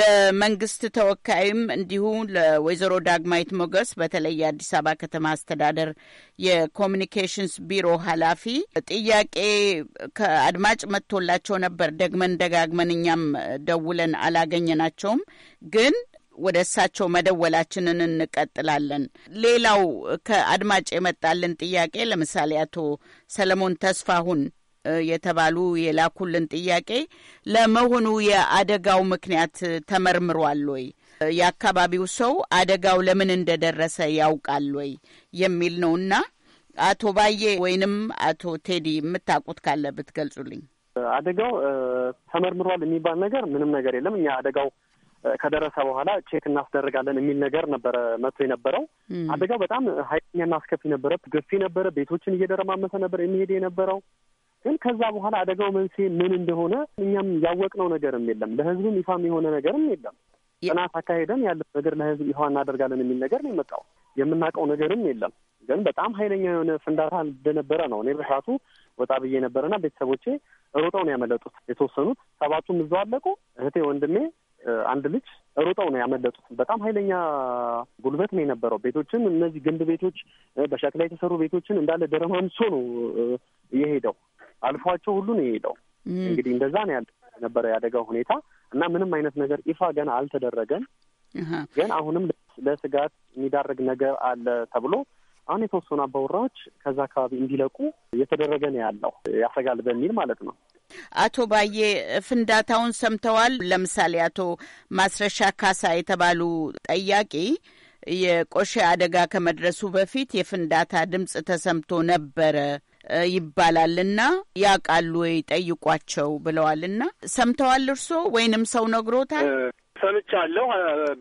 ለመንግስት ተወካይም እንዲሁ ለወይዘሮ ዳግማዊት ሞገስ በተለይ የአዲስ አበባ ከተማ አስተዳደር የኮሚኒኬሽንስ ቢሮ ኃላፊ ጥያቄ ከአድማጭ መጥቶላቸው ነበር። ደግመን ደጋግመን እኛም ደውለን አላገኘናቸውም ግን ወደ እሳቸው መደወላችንን እንቀጥላለን። ሌላው ከአድማጭ የመጣልን ጥያቄ ለምሳሌ አቶ ሰለሞን ተስፋሁን የተባሉ የላኩልን ጥያቄ ለመሆኑ የአደጋው ምክንያት ተመርምሯል ወይ? የአካባቢው ሰው አደጋው ለምን እንደደረሰ ያውቃል ወይ የሚል እና አቶ ባዬ ወይንም አቶ ቴዲ የምታውቁት ካለ ብትገልጹልኝ። አደጋው ተመርምሯል የሚባል ነገር ምንም ነገር የለም። እኛ አደጋው ከደረሰ በኋላ ቼክ እናስደርጋለን የሚል ነገር ነበረ መጥቶ የነበረው። አደጋው በጣም ኃይለኛና አስከፊ ነበረ፣ ገፊ ነበረ፣ ቤቶችን እየደረማመሰ ነበር የሚሄድ የነበረው። ግን ከዛ በኋላ አደጋው መንስኤ ምን እንደሆነ እኛም ያወቅነው ነገርም የለም፣ ለህዝብም ይፋም የሆነ ነገርም የለም። ጥናት አካሄደን ያለው ነገር ለህዝብ ይፋ እናደርጋለን የሚል ነገር ነው የመጣው። የምናውቀው ነገርም የለም። ግን በጣም ኃይለኛ የሆነ ፍንዳታ እንደነበረ ነው። እኔ በሰዓቱ ወጣ ብዬ ነበረና ቤተሰቦቼ ሮጠው ነው ያመለጡት። የተወሰኑት ሰባቱም እዛው አለቁ። እህቴ ወንድሜ አንድ ልጅ ሮጠው ነው ያመለጡት። በጣም ኃይለኛ ጉልበት ነው የነበረው። ቤቶችን እነዚህ ግንብ ቤቶች፣ በሸክላ የተሰሩ ቤቶችን እንዳለ ደረማምሶ ነው የሄደው። አልፏቸው ሁሉ ነው የሄደው። እንግዲህ እንደዛ ነው ያለ ነበረ ያደጋው ሁኔታ እና ምንም አይነት ነገር ይፋ ገና አልተደረገም። ግን አሁንም ለስጋት የሚዳርግ ነገር አለ ተብሎ አሁን የተወሰኑ አባወራዎች ከዛ አካባቢ እንዲለቁ እየተደረገ ነው ያለው። ያሰጋል በሚል ማለት ነው። አቶ ባዬ ፍንዳታውን ሰምተዋል። ለምሳሌ አቶ ማስረሻ ካሳ የተባሉ ጠያቂ የቆሼ አደጋ ከመድረሱ በፊት የፍንዳታ ድምፅ ተሰምቶ ነበረ ይባላልና ያውቃሉ ወይ ጠይቋቸው ብለዋልና ሰምተዋል እርስዎ ወይንም ሰው ነግሮታል? ሰምቻለሁ።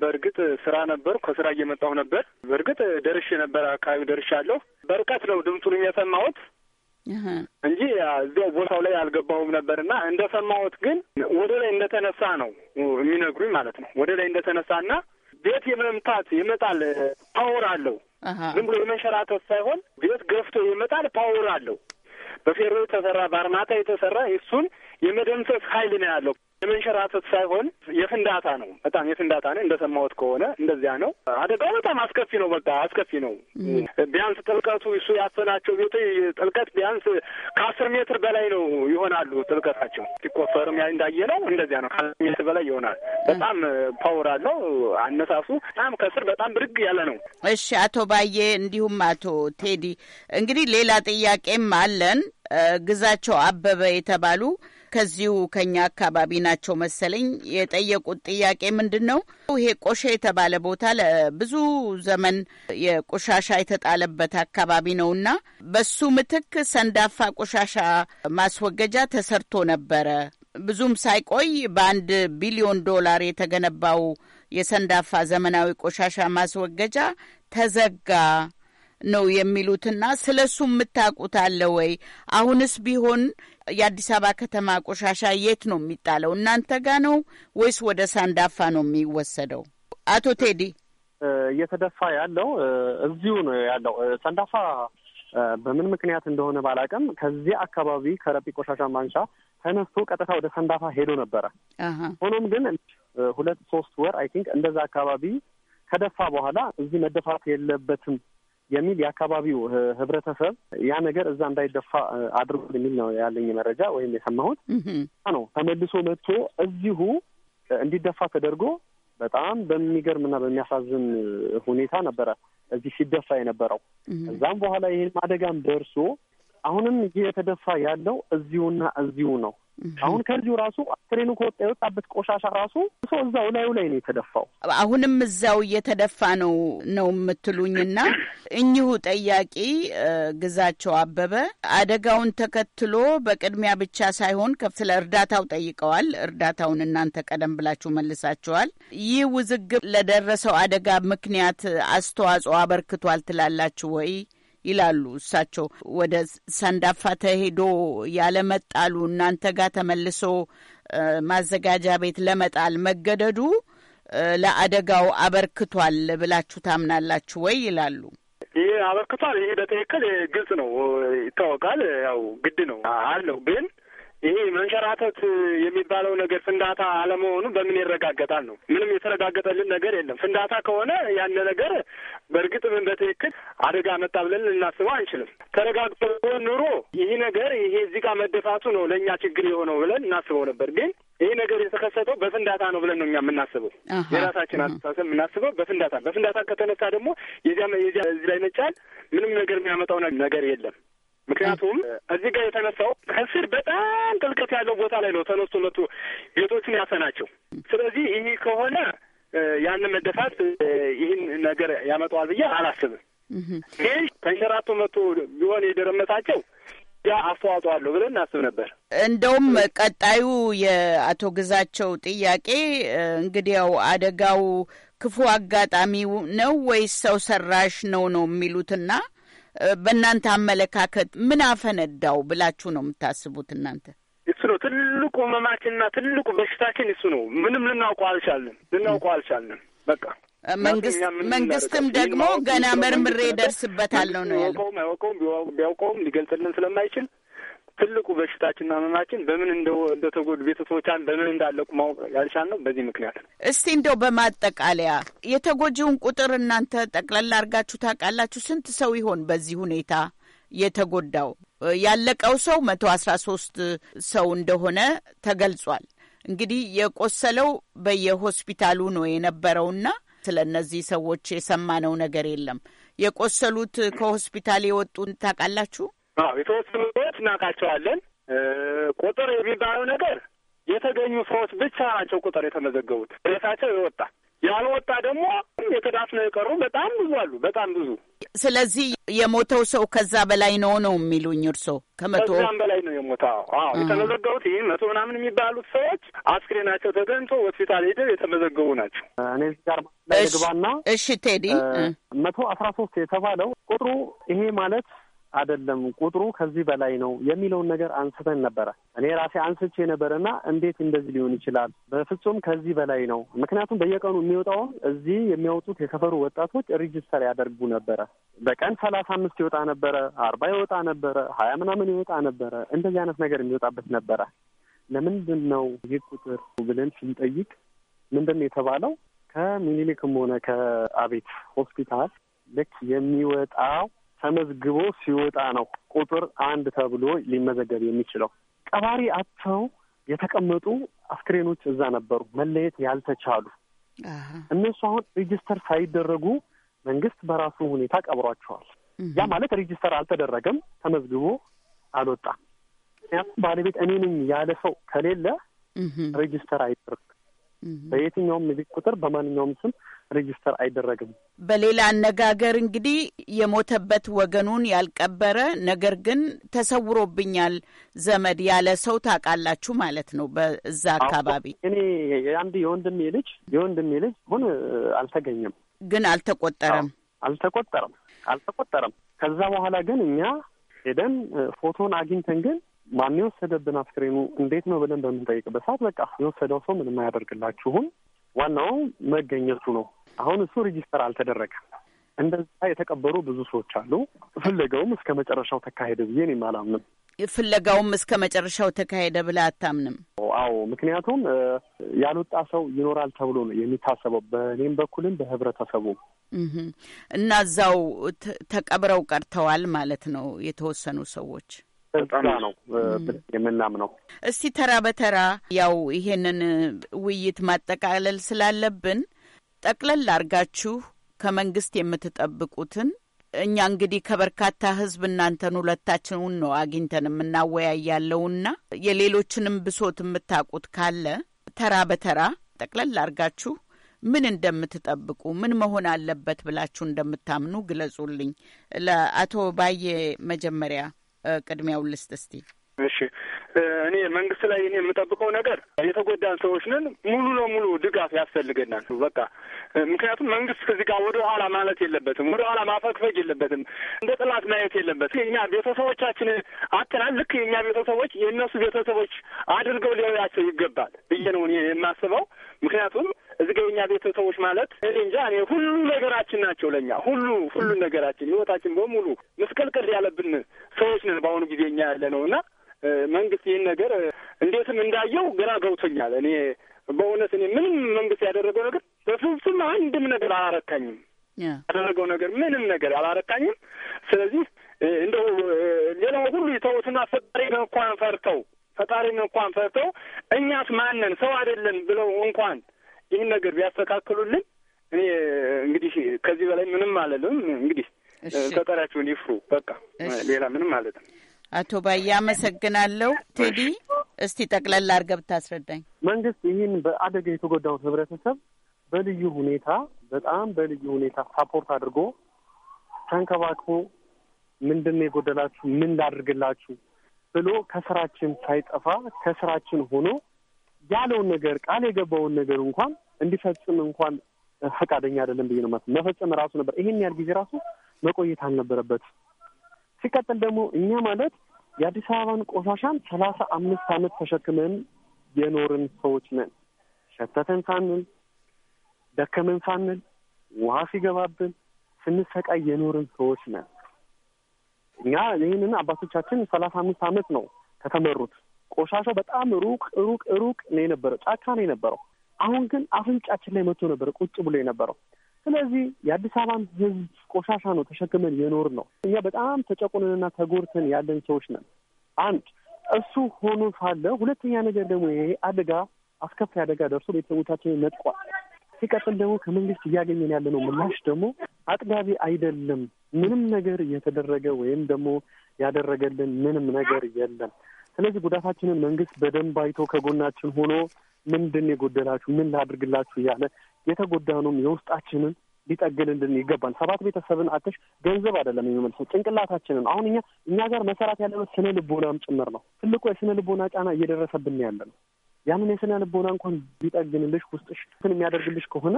በእርግጥ ስራ ነበር፣ ከስራ እየመጣሁ ነበር። በእርግጥ ደርሼ ነበር፣ አካባቢ ደርሻለሁ። በርቀት ነው ድምፁን የሚያሰማሁት እንጂ እዚያው ቦታው ላይ አልገባሁም ነበር እና እንደሰማሁት ግን ወደ ላይ እንደተነሳ ነው የሚነግሩኝ ማለት ነው። ወደ ላይ እንደተነሳ እና ቤት የመምታት የመጣል ፓወር አለው። ዝም ብሎ የመንሸራተት ሳይሆን ቤት ገፍቶ የመጣል ፓወር አለው። በፌሮ የተሰራ በአርማታ የተሰራ እሱን የመደምሰስ ኃይል ነው ያለው። የመንሸራተት ሳይሆን የፍንዳታ ነው። በጣም የፍንዳታ ነው። እንደሰማሁት ከሆነ እንደዚያ ነው። አደጋው በጣም አስከፊ ነው። በቃ አስከፊ ነው። ቢያንስ ጥልቀቱ እሱ ያፈናቸው ቤት ጥልቀት ቢያንስ ከአስር ሜትር በላይ ነው ይሆናሉ። ጥልቀታቸው ሲቆፈርም ያ እንዳየ ነው እንደዚያ ነው። ከአስር ሜትር በላይ ይሆናል። በጣም ፓወር አለው አነሳሱ። በጣም ከስር በጣም ብድግ ያለ ነው። እሺ፣ አቶ ባዬ እንዲሁም አቶ ቴዲ እንግዲህ ሌላ ጥያቄም አለን። ግዛቸው አበበ የተባሉ ከዚሁ ከኛ አካባቢ ናቸው መሰለኝ። የጠየቁት ጥያቄ ምንድን ነው? ይሄ ቆሼ የተባለ ቦታ ለብዙ ዘመን የቆሻሻ የተጣለበት አካባቢ ነውና በሱ ምትክ ሰንዳፋ ቆሻሻ ማስወገጃ ተሰርቶ ነበረ። ብዙም ሳይቆይ በአንድ ቢሊዮን ዶላር የተገነባው የሰንዳፋ ዘመናዊ ቆሻሻ ማስወገጃ ተዘጋ ነው የሚሉትና ስለ እሱ የምታውቁት አለ ወይ? አሁንስ ቢሆን የአዲስ አበባ ከተማ ቆሻሻ የት ነው የሚጣለው? እናንተ ጋ ነው ወይስ ወደ ሳንዳፋ ነው የሚወሰደው? አቶ ቴዲ እየተደፋ ያለው እዚሁ ነው ያለው ሳንዳፋ በምን ምክንያት እንደሆነ ባላውቅም ከዚህ አካባቢ ከረጲ ቆሻሻ ማንሻ ተነስቶ ቀጥታ ወደ ሰንዳፋ ሄዶ ነበረ። ሆኖም ግን ሁለት ሶስት ወር አይ ቲንክ እንደዛ አካባቢ ከደፋ በኋላ እዚህ መደፋት የለበትም የሚል የአካባቢው ህብረተሰብ ያ ነገር እዛ እንዳይደፋ አድርጓል የሚል ነው ያለኝ መረጃ ወይም የሰማሁት ነው። ተመልሶ መጥቶ እዚሁ እንዲደፋ ተደርጎ በጣም በሚገርም እና በሚያሳዝን ሁኔታ ነበረ እዚህ ሲደፋ የነበረው። ከዛም በኋላ ይህን አደጋም ደርሶ አሁንም እየተደፋ ያለው እዚሁና እዚሁ ነው። አሁን ከዚሁ ራሱ ትሬኑ ከወጣ የወጣበት ቆሻሻ ራሱ ሰው እዛው ላዩ ላይ ነው የተደፋው። አሁንም እዛው እየተደፋ ነው ነው የምትሉኝና እኚሁ ጠያቂ ግዛቸው አበበ አደጋውን ተከትሎ በቅድሚያ ብቻ ሳይሆን ስለ እርዳታው ጠይቀዋል። እርዳታውን እናንተ ቀደም ብላችሁ መልሳችኋል። ይህ ውዝግብ ለደረሰው አደጋ ምክንያት አስተዋጽኦ አበርክቷል ትላላችሁ ወይ? ይላሉ እሳቸው። ወደ ሰንዳፋ ተሄዶ ያለመጣሉ እናንተ ጋር ተመልሶ ማዘጋጃ ቤት ለመጣል መገደዱ ለአደጋው አበርክቷል ብላችሁ ታምናላችሁ ወይ ይላሉ። ይህ አበርክቷል። ይህ በትክክል ግልጽ ነው፣ ይታወቃል። ያው ግድ ነው አለው ግን ይሄ መንሸራተት የሚባለው ነገር ፍንዳታ አለመሆኑ በምን ይረጋገጣል ነው? ምንም የተረጋገጠልን ነገር የለም። ፍንዳታ ከሆነ ያን ነገር በእርግጥ ምን በትክክል አደጋ መጣ ብለን ልናስበው አንችልም። ተረጋግጦ ኑሮ ይህ ነገር ይሄ እዚህ ጋር መደፋቱ ነው ለእኛ ችግር የሆነው ብለን እናስበው ነበር ግን ይህ ነገር የተከሰተው በፍንዳታ ነው ብለን ነው እኛ የምናስበው። የራሳችን አስተሳሰብ የምናስበው በፍንዳታ በፍንዳታ ከተነሳ ደግሞ የዚያ የዚያ እዚህ ላይ መጫል ምንም ነገር የሚያመጣው ነገር የለም። ምክንያቱም እዚህ ጋር የተነሳው ከስር በጣም ጥልቀት ያለው ቦታ ላይ ነው ተነስቶ ሁለቱ ቤቶችን ያሰናቸው። ስለዚህ ይህ ከሆነ ያንን መደፋት ይህን ነገር ያመጣዋል ብዬ አላስብም። ግን ተንሸራቶ መቶ ቢሆን የደረመታቸው ያ አስተዋጽኦ አለው ብለን እናስብ ነበር። እንደውም ቀጣዩ የአቶ ግዛቸው ጥያቄ እንግዲያው አደጋው ክፉ አጋጣሚ ነው ወይስ ሰው ሰራሽ ነው ነው የሚሉትና በእናንተ አመለካከት ምን አፈነዳው ብላችሁ ነው የምታስቡት እናንተ? እሱ ነው ትልቁ ህመማችንና ትልቁ በሽታችን እሱ ነው። ምንም ልናውቀው አልቻልንም፣ ልናውቀው አልቻልንም። በቃ መንግስት መንግስትም ደግሞ ገና መርምሬ ደርስበታለሁ ነው ያለው። ቢያውቀውም ቢያውቀውም ሊገልጽልን ስለማይችል ትልቁ በሽታችንና ህመማችን በምን እንደተጎዱ ቤተሰቦቻን በምን እንዳለቁ ማወቅ ነው። በዚህ ምክንያት ነው። እስቲ እንደው በማጠቃለያ የተጎጂውን ቁጥር እናንተ ጠቅላላ አድርጋችሁ ታውቃላችሁ? ስንት ሰው ይሆን በዚህ ሁኔታ የተጎዳው? ያለቀው ሰው መቶ አስራ ሶስት ሰው እንደሆነ ተገልጿል። እንግዲህ የቆሰለው በየሆስፒታሉ ነው የነበረውና ስለ እነዚህ ሰዎች የሰማነው ነገር የለም። የቆሰሉት ከሆስፒታል የወጡ ታውቃላችሁ? አዎ የተወሰኑ ሰዎች እናውቃቸዋለን። ቁጥር የሚባለው ነገር የተገኙ ሰዎች ብቻ ናቸው። ቁጥር የተመዘገቡት ሬሳቸው የወጣ ያልወጣ ደግሞ የተዳፍነው የቀሩ በጣም ብዙ አሉ። በጣም ብዙ። ስለዚህ የሞተው ሰው ከዛ በላይ ነው ነው የሚሉኝ እርሶ? ከመቶ ከዛም በላይ ነው የሞተው። አዎ የተመዘገቡት ይህ መቶ ምናምን የሚባሉት ሰዎች አስክሬናቸው ተገኝቶ ሆስፒታል ሄደው የተመዘገቡ ናቸው። እኔ እዚህ ጋር ግባና እሺ፣ ቴዲ መቶ አስራ ሶስት የተባለው ቁጥሩ ይሄ ማለት አይደለም ቁጥሩ ከዚህ በላይ ነው የሚለውን ነገር አንስተን ነበረ። እኔ ራሴ አንስቼ ነበረና እንዴት እንደዚህ ሊሆን ይችላል? በፍጹም ከዚህ በላይ ነው። ምክንያቱም በየቀኑ የሚወጣውን እዚህ የሚያወጡት የሰፈሩ ወጣቶች ሪጅስተር ያደርጉ ነበረ። በቀን ሰላሳ አምስት ይወጣ ነበረ፣ አርባ ይወጣ ነበረ፣ ሀያ ምናምን ይወጣ ነበረ። እንደዚህ አይነት ነገር የሚወጣበት ነበረ። ለምንድን ነው ይህ ቁጥር ብለን ስንጠይቅ ምንድን ነው የተባለው? ከሚኒሊክም ሆነ ከአቤት ሆስፒታል ልክ የሚወጣው ተመዝግቦ ሲወጣ ነው ቁጥር አንድ ተብሎ ሊመዘገብ የሚችለው። ቀባሪ አጥተው የተቀመጡ አስክሬኖች እዛ ነበሩ፣ መለየት ያልተቻሉ እነሱ አሁን ሬጅስተር ሳይደረጉ መንግስት በራሱ ሁኔታ ቀብሯቸዋል። ያ ማለት ሬጅስተር አልተደረገም፣ ተመዝግቦ አልወጣም። ምክንያቱም ባለቤት እኔ ነኝ ያለ ሰው ከሌለ ሬጅስተር አይደረግም። በየትኛውም ንግድ ቁጥር በማንኛውም ስም ሬጅስተር አይደረግም። በሌላ አነጋገር እንግዲህ የሞተበት ወገኑን ያልቀበረ ነገር ግን ተሰውሮብኛል ዘመድ ያለ ሰው ታውቃላችሁ ማለት ነው። በዛ አካባቢ እኔ አንድ የወንድሜ ልጅ የወንድሜ ልጅ ሁን አልተገኘም፣ ግን አልተቆጠረም አልተቆጠረም አልተቆጠረም። ከዛ በኋላ ግን እኛ ሄደን ፎቶን አግኝተን ግን ማን የወሰደብን አስክሬኑ እንዴት ነው ብለን በምንጠይቅበት ሰዓት በቃ የወሰደው ሰው ምንም አያደርግላችሁም፣ ዋናው መገኘቱ ነው። አሁን እሱ ሬጂስተር አልተደረገም። እንደዛ የተቀበሩ ብዙ ሰዎች አሉ። ፍለጋውም እስከ መጨረሻው ተካሄደ ብዬ እኔም አላምንም። ፍለጋውም እስከ መጨረሻው ተካሄደ ብለህ አታምንም? አዎ፣ ምክንያቱም ያልወጣ ሰው ይኖራል ተብሎ ነው የሚታሰበው። በእኔም በኩልም በህብረተሰቡ እና እዛው ተቀብረው ቀርተዋል ማለት ነው የተወሰኑ ሰዎች ስልጠና ነው የምናምነው። እስቲ ተራ በተራ ያው ይሄንን ውይይት ማጠቃለል ስላለብን ጠቅለል አርጋችሁ ከመንግስት የምትጠብቁትን እኛ እንግዲህ ከበርካታ ህዝብ እናንተን ሁለታችንን ነው አግኝተን የምናወያያለውና የሌሎችንም ብሶት የምታውቁት ካለ ተራ በተራ ጠቅለል አድርጋችሁ ምን እንደምትጠብቁ ምን መሆን አለበት ብላችሁ እንደምታምኑ ግለጹልኝ። ለአቶ ባዬ መጀመሪያ ቅድሚያውን ልስጥ እስቲ። እሺ እኔ መንግስት ላይ እኔ የምጠብቀው ነገር የተጎዳን ሰዎች ነን፣ ሙሉ ለሙሉ ድጋፍ ያስፈልገናል። በቃ ምክንያቱም መንግስት ከዚህ ጋር ወደ ኋላ ማለት የለበትም፣ ወደ ኋላ ማፈግፈግ የለበትም፣ እንደ ጥላት ማየት የለበትም። እኛ ቤተሰቦቻችን አትናል ልክ የእኛ ቤተሰቦች የእነሱ ቤተሰቦች አድርገው ሊያያቸው ይገባል ብዬ ነው እኔ የማስበው። ምክንያቱም እዚህ ጋ የኛ ቤተሰቦች ማለት እኔ እንጃ እኔ ሁሉ ነገራችን ናቸው ለእኛ ሁሉ ሁሉ ነገራችን ህይወታችን በሙሉ ምስቅልቅል ያለብን ሰዎች ነን በአሁኑ ጊዜ እኛ ያለ ነው እና መንግስት ይህን ነገር እንዴትም እንዳየው ግራ ገብቶኛል። እኔ በእውነት እኔ ምንም መንግስት ያደረገው ነገር በፍጹም አንድም ነገር አላረካኝም። ያደረገው ነገር ምንም ነገር አላረካኝም። ስለዚህ እንደው ሌላው ሁሉ የተውትና ፈጣሪ እንኳን ፈርተው ፈጣሪን እንኳን ፈተው እኛስ ማንን ሰው አይደለን ብለው እንኳን ይህን ነገር ቢያስተካክሉልን እኔ እንግዲህ ከዚህ በላይ ምንም አለልም። እንግዲህ ፈጠራቸውን ይፍሩ በቃ ሌላ ምንም ማለት ነው። አቶ ባዬ አመሰግናለሁ። ቴዲ እስቲ ጠቅለላ አድርገህ ብታስረዳኝ። መንግስት ይህን በአደጋ የተጎዳውን ህብረተሰብ በልዩ ሁኔታ በጣም በልዩ ሁኔታ ሳፖርት አድርጎ ተንከባክቦ ምንድን ነው የጎደላችሁ ምን ላድርግላችሁ ብሎ ከስራችን ሳይጠፋ ከስራችን ሆኖ ያለውን ነገር ቃል የገባውን ነገር እንኳን እንዲፈጽም እንኳን ፈቃደኛ አይደለም ብዬ ነው ማለት ነው። መፈጸም ራሱ ነበር። ይሄን ያህል ጊዜ ራሱ መቆየት አልነበረበት። ሲቀጥል ደግሞ እኛ ማለት የአዲስ አበባን ቆሻሻን ሰላሳ አምስት አመት ተሸክመን የኖርን ሰዎች ነን። ሸተተን ሳንል ደከመን ሳንል ውሃ ሲገባብን ስንሰቃይ የኖርን ሰዎች ነን። እኛ ይህንን አባቶቻችን ሰላሳ አምስት ዓመት ነው ከተመሩት። ቆሻሻው በጣም ሩቅ ሩቅ ሩቅ ነው የነበረው፣ ጫካ ነው የነበረው። አሁን ግን አፍንጫችን ላይ መጥቶ ነበረ ቁጭ ብሎ የነበረው። ስለዚህ የአዲስ አበባን ህዝብ ቆሻሻ ነው ተሸክመን የኖር ነው። እኛ በጣም ተጨቁንንና ተጎድተን ያለን ሰዎች ነን። አንድ እሱ ሆኖ ሳለ፣ ሁለተኛ ነገር ደግሞ ይሄ አደጋ አስከፊ አደጋ ደርሶ ቤተሰቦቻችንን ነጥቋል። ሲቀጥል ደግሞ ከመንግስት እያገኘን ያለ ነው ምላሽ ደግሞ አጥጋቢ አይደለም። ምንም ነገር እየተደረገ ወይም ደግሞ ያደረገልን ምንም ነገር የለም። ስለዚህ ጉዳታችንን መንግስት በደንብ አይቶ ከጎናችን ሆኖ ምንድን የጎደላችሁ ምን ላድርግላችሁ እያለ የተጎዳኑም የውስጣችንን ሊጠግንልን ይገባል። ሰባት ቤተሰብን አተሽ ገንዘብ አይደለም የሚመልሰው ጭንቅላታችንን። አሁን እኛ እኛ ጋር መሰራት ያለበት ስነ ልቦናም ጭምር ነው። ትልቁ የስነ ልቦና ጫና እየደረሰብን ያለ ነው። ያምን የስነ ልቦና እንኳን ቢጠግንልሽ ውስጥሽ እንትን የሚያደርግልሽ ከሆነ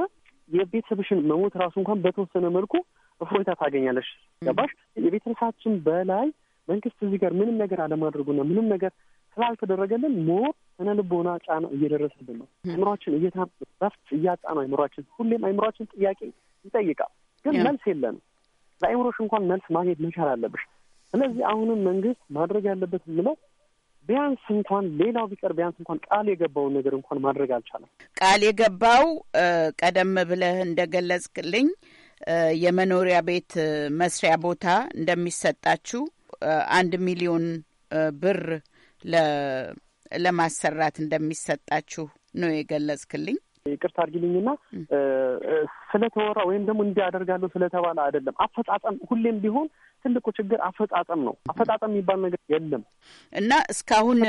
የቤተሰብሽን መሞት ራሱ እንኳን በተወሰነ መልኩ እፎይታ ታገኛለሽ። ገባሽ? የቤተሰባችን በላይ መንግስት እዚህ ጋር ምንም ነገር አለማድረጉና ምንም ነገር ስላልተደረገልን ሞር ስነ ልቦና ጫና እየደረሰብን ነው። አይምሯችን እየታ ረፍት እያጣ ነው። አይምሯችን ሁሌም አይምሯችን ጥያቄ ይጠይቃል፣ ግን መልስ የለን። ለአይምሮሽ እንኳን መልስ ማግኘት መቻል አለብሽ። ስለዚህ አሁንም መንግስት ማድረግ ያለበት ምለው ቢያንስ እንኳን ሌላው ቢቀር ቢያንስ እንኳን ቃል የገባውን ነገር እንኳን ማድረግ አልቻለም። ቃል የገባው ቀደም ብለህ እንደገለጽክልኝ የመኖሪያ ቤት መስሪያ ቦታ እንደሚሰጣችሁ አንድ ሚሊዮን ብር ለማሰራት እንደሚሰጣችሁ ነው የገለጽክልኝ። ይቅርታ አድርጊልኝና ስለተወራ ወይም ደግሞ እንዲያደርጋለሁ ስለተባለ አይደለም። አፈጻጸም ሁሌም ቢሆን ትልቁ ችግር አፈጻጸም ነው። አፈጻጸም የሚባል ነገር የለም እና እስካሁን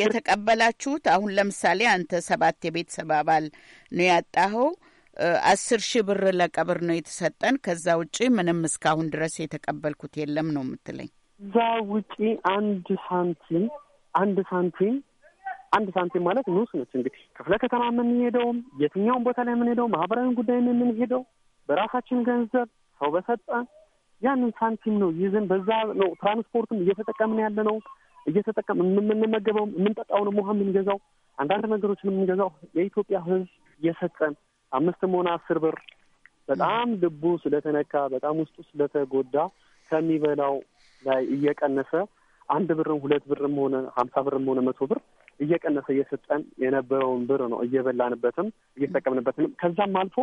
የተቀበላችሁት አሁን ለምሳሌ አንተ ሰባት የቤተሰብ አባል ነው ያጣኸው። አስር ሺህ ብር ለቀብር ነው የተሰጠን። ከዛ ውጪ ምንም እስካሁን ድረስ የተቀበልኩት የለም ነው የምትለኝ። እዛ ውጪ አንድ ሳንቲም አንድ ሳንቲም አንድ ሳንቲም ማለት ንስ ነች። እንግዲህ ክፍለ ከተማ የምንሄደውም የትኛውን ቦታ ላይ የምንሄደው ማህበራዊ ጉዳይን የምንሄደው በራሳችን ገንዘብ ሰው በሰጠን ያንን ሳንቲም ነው ይዘን በዛ ነው ትራንስፖርትም እየተጠቀምን ያለ ነው እየተጠቀም የምንመገበውም የምንጠጣውንም ውሃ የምንገዛው አንዳንድ ነገሮችን የምንገዛው የኢትዮጵያ ሕዝብ እየሰጠን አምስትም ሆነ አስር ብር በጣም ልቡ ስለተነካ በጣም ውስጡ ስለተጎዳ ከሚበላው ላይ እየቀነሰ አንድ ብርም ሁለት ብርም ሆነ ሀምሳ ብርም ሆነ መቶ ብር እየቀነሰ እየሰጠን የነበረውን ብር ነው እየበላንበትም እየተጠቀምንበትንም ከዛም አልፎ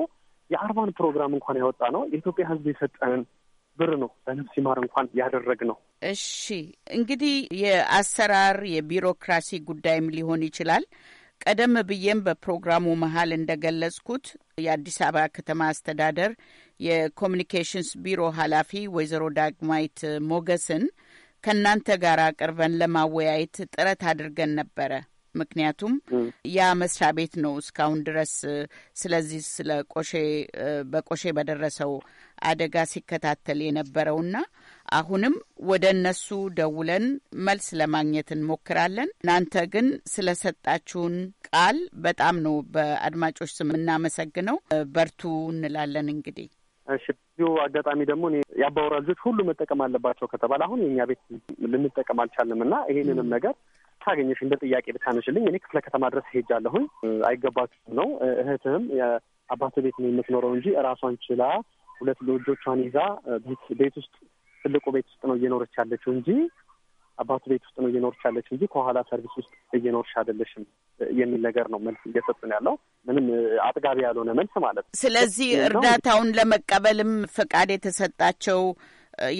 የአርባን ፕሮግራም እንኳን ያወጣ ነው የኢትዮጵያ ሕዝብ የሰጠንን ብር ነው በነፍስ ይማር እንኳን ያደረግ ነው። እሺ እንግዲህ የአሰራር የቢሮክራሲ ጉዳይም ሊሆን ይችላል። ቀደም ብዬም በፕሮግራሙ መሀል እንደገለጽኩት የአዲስ አበባ ከተማ አስተዳደር የኮሚኒኬሽንስ ቢሮ ኃላፊ ወይዘሮ ዳግማይት ሞገስን ከእናንተ ጋር አቅርበን ለማወያየት ጥረት አድርገን ነበረ። ምክንያቱም ያ መስሪያ ቤት ነው እስካሁን ድረስ ስለዚህ ስለ ቆሼ በቆሼ በደረሰው አደጋ ሲከታተል የነበረውና አሁንም ወደ እነሱ ደውለን መልስ ለማግኘት እንሞክራለን። እናንተ ግን ሰጣችሁን ቃል በጣም ነው በአድማጮች ስም የምናመሰግነው። በርቱ እንላለን እንግዲህ እሺ አጋጣሚ ደግሞ እኔ የአባወራ ልጆች ሁሉ መጠቀም አለባቸው ከተባለ አሁን የእኛ ቤት ልንጠቀም አልቻልንም እና ይሄንንም ነገር ታገኘሽ እንደ ጥያቄ ብታነሽልኝ እኔ ክፍለ ከተማ ድረስ ሄጃለሁኝ። አይገባችሁም ነው እህትህም የአባት ቤት ነው የምትኖረው እንጂ እራሷን ችላ ሁለት ልጆቿን ይዛ ቤት ውስጥ ትልቁ ቤት ውስጥ ነው እየኖረች ያለችው እንጂ አባቱ ቤት ውስጥ ነው እየኖርሽ ያለች እንጂ ከኋላ ሰርቪስ ውስጥ እየኖርሽ አይደለሽም የሚል ነገር ነው መልስ ነው ያለው። ምንም አጥጋቢ ያልሆነ መልስ ማለት ነው። ስለዚህ እርዳታውን ለመቀበልም ፈቃድ የተሰጣቸው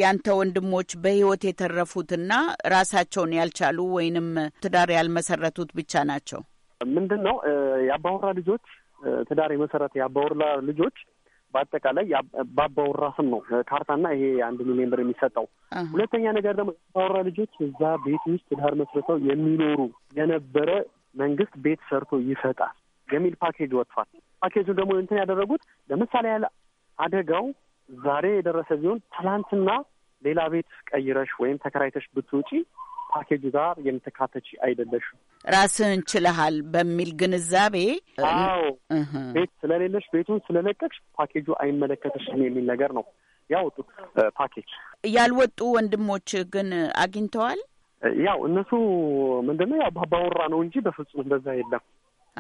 ያንተ ወንድሞች በህይወት የተረፉትና ራሳቸውን ያልቻሉ ወይንም ትዳር ያልመሰረቱት ብቻ ናቸው። ምንድን ነው የአባወራ ልጆች ትዳር የመሰረተ የአባወራ ልጆች በአጠቃላይ ባባወራ ስም ነው ካርታና ይሄ አንድ ሚሊዮን የሚሰጠው። ሁለተኛ ነገር ደግሞ ባወራ ልጆች እዛ ቤት ውስጥ ዳር መስርተው የሚኖሩ የነበረ መንግስት ቤት ሰርቶ ይሰጣል የሚል ፓኬጅ ወጥቷል። ፓኬጁን ደግሞ እንትን ያደረጉት ለምሳሌ ያለ አደጋው ዛሬ የደረሰ ቢሆን ትላንትና ሌላ ቤት ቀይረሽ ወይም ተከራይተሽ ብትውጪ ፓኬጁ ጋር የምትካተች አይደለሽም ራስህን ችለሃል በሚል ግንዛቤ አዎ፣ ቤት ስለሌለሽ ቤቱን ስለለቀቅሽ ፓኬጁ አይመለከተሽም የሚል ነገር ነው ያወጡት ፓኬጅ። ያልወጡ ወንድሞች ግን አግኝተዋል። ያው እነሱ ምንድነው ያው ባባወራ ነው እንጂ በፍጹም እንደዛ የለም።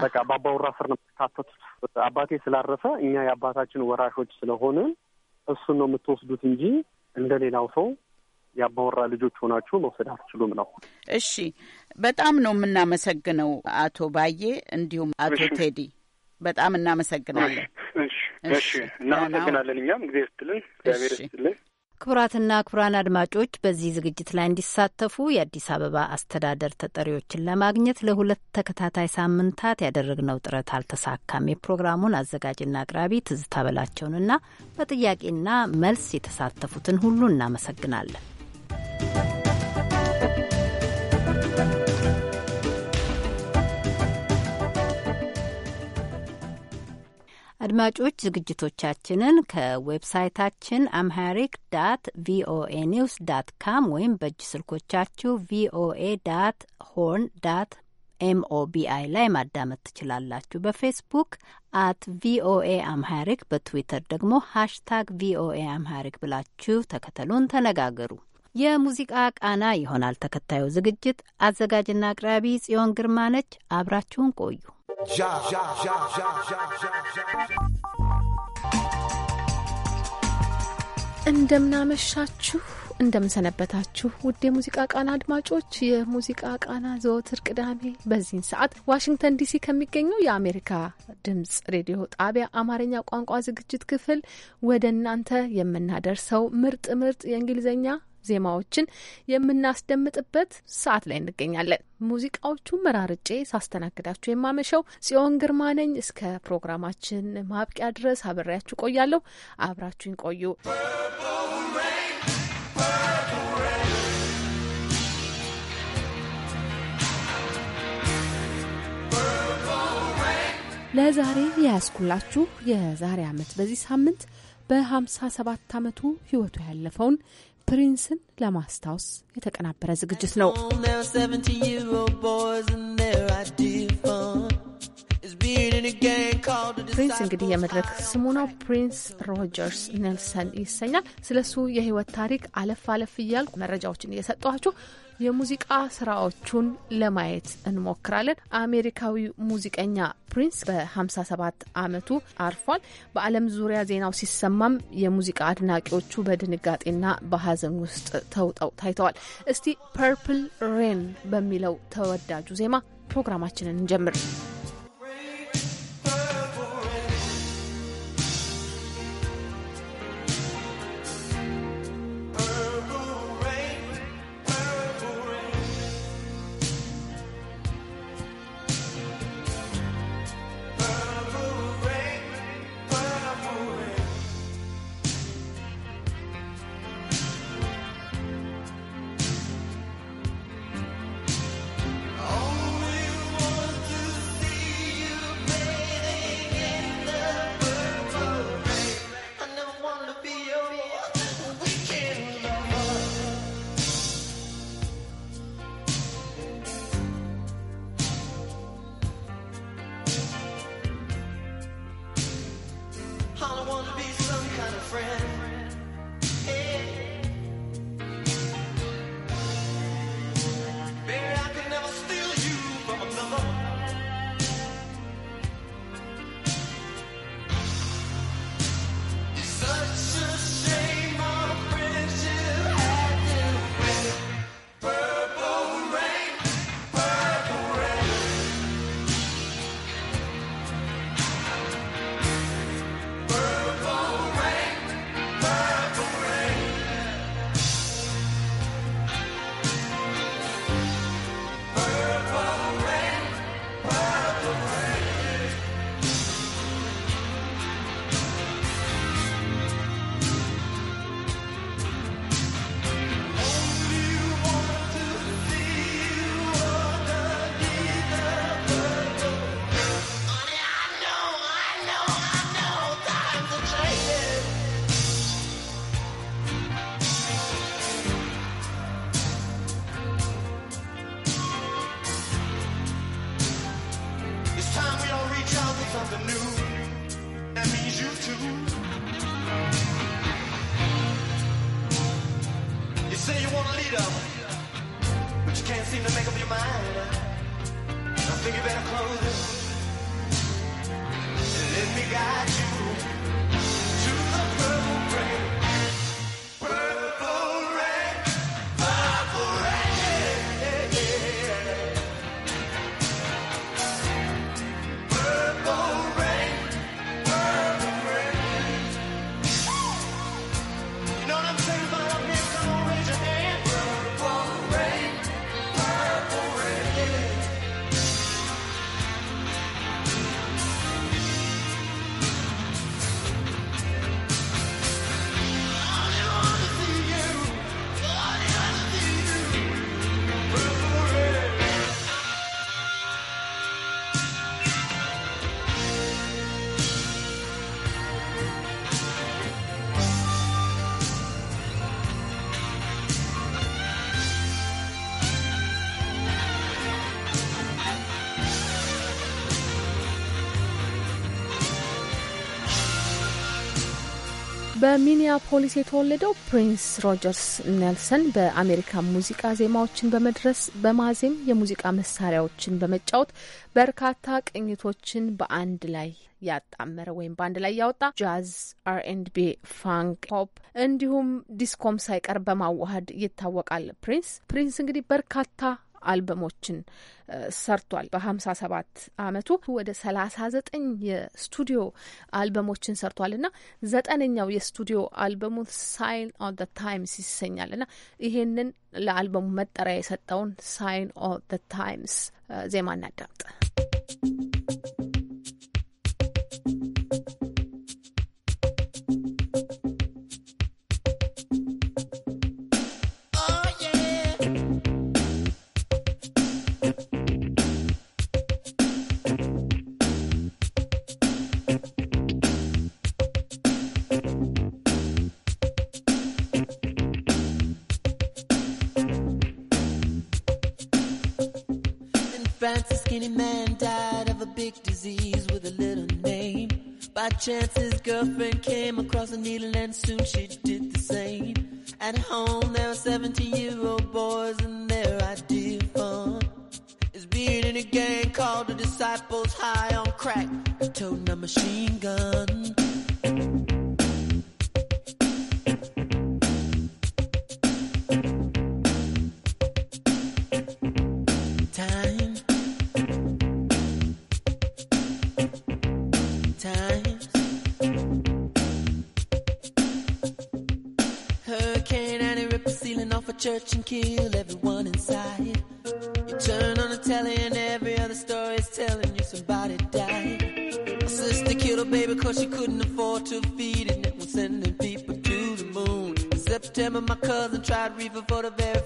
በቃ ባባወራ ስር ነው የምትካተቱት። አባቴ ስላረፈ እኛ የአባታችን ወራሾች ስለሆንን እሱን ነው የምትወስዱት እንጂ እንደ ሌላው ሰው የአባወራ ልጆች ሆናችሁ መውሰድ አትችሉም ነው። እሺ፣ በጣም ነው የምናመሰግነው አቶ ባዬ እንዲሁም አቶ ቴዲ በጣም እናመሰግናለን። እሺ፣ እናመሰግናለን። እኛም ጊዜ ስትልን እግዚአብሔር ስትልን ክቡራትና ክቡራን አድማጮች በዚህ ዝግጅት ላይ እንዲሳተፉ የአዲስ አበባ አስተዳደር ተጠሪዎችን ለማግኘት ለሁለት ተከታታይ ሳምንታት ያደረግነው ጥረት አልተሳካም። የፕሮግራሙን አዘጋጅና አቅራቢ ትዝታ በላቸውንና በጥያቄና መልስ የተሳተፉትን ሁሉ እናመሰግናለን። አድማጮች ዝግጅቶቻችንን ከዌብሳይታችን አምሃሪክ ዳት ቪኦኤ ኒውስ ዳት ካም ወይም በእጅ ስልኮቻችሁ ቪኦኤ ዳት ሆርን ዳት ኤምኦቢአይ ላይ ማዳመጥ ትችላላችሁ። በፌስቡክ አት ቪኦኤ አምሃሪክ፣ በትዊተር ደግሞ ሃሽታግ ቪኦኤ አምሃሪክ ብላችሁ ተከተሉን፣ ተነጋገሩ። የሙዚቃ ቃና ይሆናል ተከታዩ ዝግጅት። አዘጋጅና አቅራቢ ጽዮን ግርማ ነች። አብራችሁን ቆዩ። እንደምናመሻችሁ እንደምንሰነበታችሁ ውድ የሙዚቃ ቃና አድማጮች፣ የሙዚቃ ቃና ዘወትር ቅዳሜ በዚህን ሰዓት ዋሽንግተን ዲሲ ከሚገኘው የአሜሪካ ድምጽ ሬዲዮ ጣቢያ አማርኛ ቋንቋ ዝግጅት ክፍል ወደ እናንተ የምናደርሰው ምርጥ ምርጥ የእንግሊዝኛ ዜማዎችን የምናስደምጥበት ሰዓት ላይ እንገኛለን። ሙዚቃዎቹ መራርጬ ሳስተናግዳችሁ የማመሸው ጽዮን ግርማ ነኝ። እስከ ፕሮግራማችን ማብቂያ ድረስ አብሬያችሁ ቆያለሁ። አብራችሁኝ ቆዩ። ለዛሬ የያዝኩላችሁ የዛሬ ዓመት በዚህ ሳምንት በ57 ዓመቱ ሕይወቱ ያለፈውን ፕሪንስን ለማስታወስ የተቀናበረ ዝግጅት ነው። ፕሪንስ እንግዲህ የመድረክ ስሙ ነው። ፕሪንስ ሮጀርስ ኔልሰን ይሰኛል። ስለሱ የህይወት ታሪክ አለፍ አለፍ እያልኩ መረጃዎችን እየሰጠኋችሁ የሙዚቃ ስራዎቹን ለማየት እንሞክራለን። አሜሪካዊ ሙዚቀኛ ፕሪንስ በ57 ዓመቱ አርፏል። በዓለም ዙሪያ ዜናው ሲሰማም የሙዚቃ አድናቂዎቹ በድንጋጤና በሀዘን ውስጥ ተውጠው ታይተዋል። እስቲ ፐርፕል ሬን በሚለው ተወዳጁ ዜማ ፕሮግራማችንን እንጀምር። በሚኒያፖሊስ የተወለደው ፕሪንስ ሮጀርስ ኔልሰን በአሜሪካ ሙዚቃ ዜማዎችን በመድረስ በማዜም የሙዚቃ መሳሪያዎችን በመጫወት በርካታ ቅኝቶችን በአንድ ላይ ያጣመረ ወይም በአንድ ላይ ያወጣ ጃዝ፣ አር ፋንክ፣ ፖፕ እንዲሁም ዲስኮም ሳይቀር በማዋሃድ ይታወቃል። ፕሪንስ ፕሪንስ እንግዲህ በርካታ አልበሞችን ሰርቷል። በ በ57 አመቱ ወደ 39 የስቱዲዮ አልበሞችን ሰርቷል እና ዘጠነኛው የስቱዲዮ አልበሙ ሳይን ኦፍ ደ ታይምስ ይሰኛል እና ይሄንን ለአልበሙ መጠሪያ የሰጠውን ሳይን ኦፍ ታይምስ ዜማ እናዳምጥ። disease with a little name. By chance, his girlfriend came across a needle and soon she did the same. At home, there were 17 year old boys and their idea of fun is being in a gang called the Disciples High on Crack, toting a machine gun. church and kill everyone inside. You turn on the telly and every other story's telling you somebody died. My sister killed her baby cause she couldn't afford to feed it. And we're sending people to the moon. In September, my cousin tried reefer for the very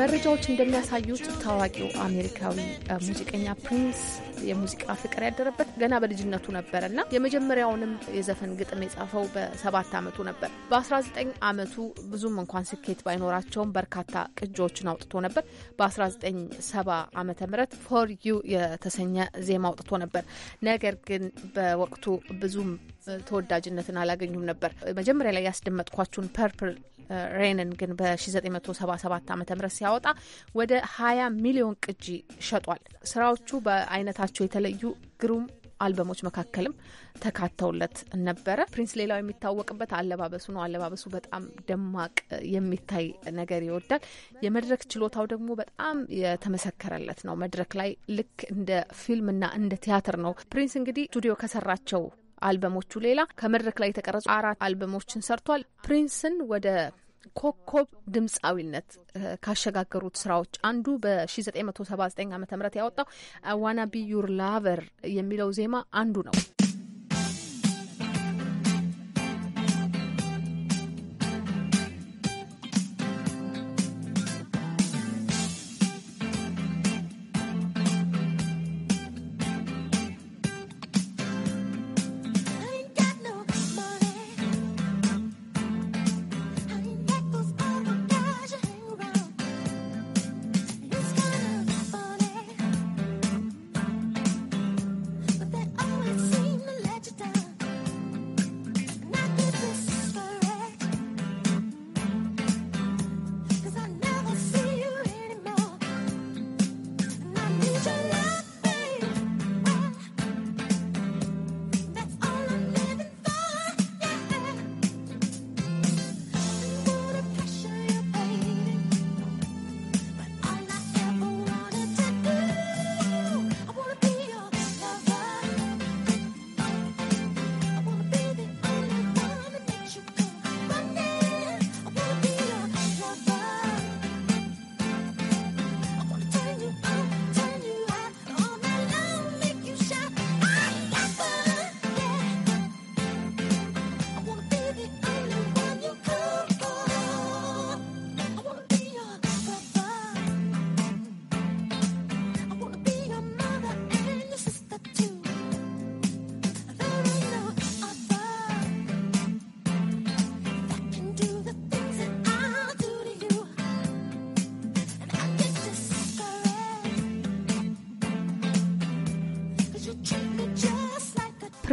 መረጃዎች እንደሚያሳዩት ታዋቂው አሜሪካዊ ሙዚቀኛ ፕሪንስ የሙዚቃ ፍቅር ያደረበት ገና በልጅነቱ ነበር እና የመጀመሪያውንም የዘፈን ግጥም የጻፈው በሰባት ዓመቱ ነበር። በ19 ዓመቱ ብዙም እንኳን ስኬት ባይኖራቸውም በርካታ ቅጂዎችን አውጥቶ ነበር። በ1970 ዓ ም ፎር ዩ የተሰኘ ዜማ አውጥቶ ነበር። ነገር ግን በወቅቱ ብዙም ተወዳጅነትን አላገኙም ነበር። መጀመሪያ ላይ ያስደመጥኳችሁን ፐርፕል ሬንን ግን በ1977 ዓ ም ሲያወጣ ወደ 20 ሚሊዮን ቅጂ ሸጧል። ስራዎቹ በአይነታቸው የተለዩ ግሩም አልበሞች መካከልም ተካተውለት ነበረ። ፕሪንስ ሌላው የሚታወቅበት አለባበሱ ነው። አለባበሱ በጣም ደማቅ የሚታይ ነገር ይወዳል። የመድረክ ችሎታው ደግሞ በጣም የተመሰከረለት ነው። መድረክ ላይ ልክ እንደ ፊልምና እንደ ቲያትር ነው። ፕሪንስ እንግዲህ ስቱዲዮ ከሰራቸው አልበሞቹ ሌላ ከመድረክ ላይ የተቀረጹ አራት አልበሞችን ሰርቷል። ፕሪንስን ወደ ኮከብ ድምፃዊነት ካሸጋገሩት ስራዎች አንዱ በ1979 ዓ ም ያወጣው ዋና ቢ ዩር ላቨር የሚለው ዜማ አንዱ ነው።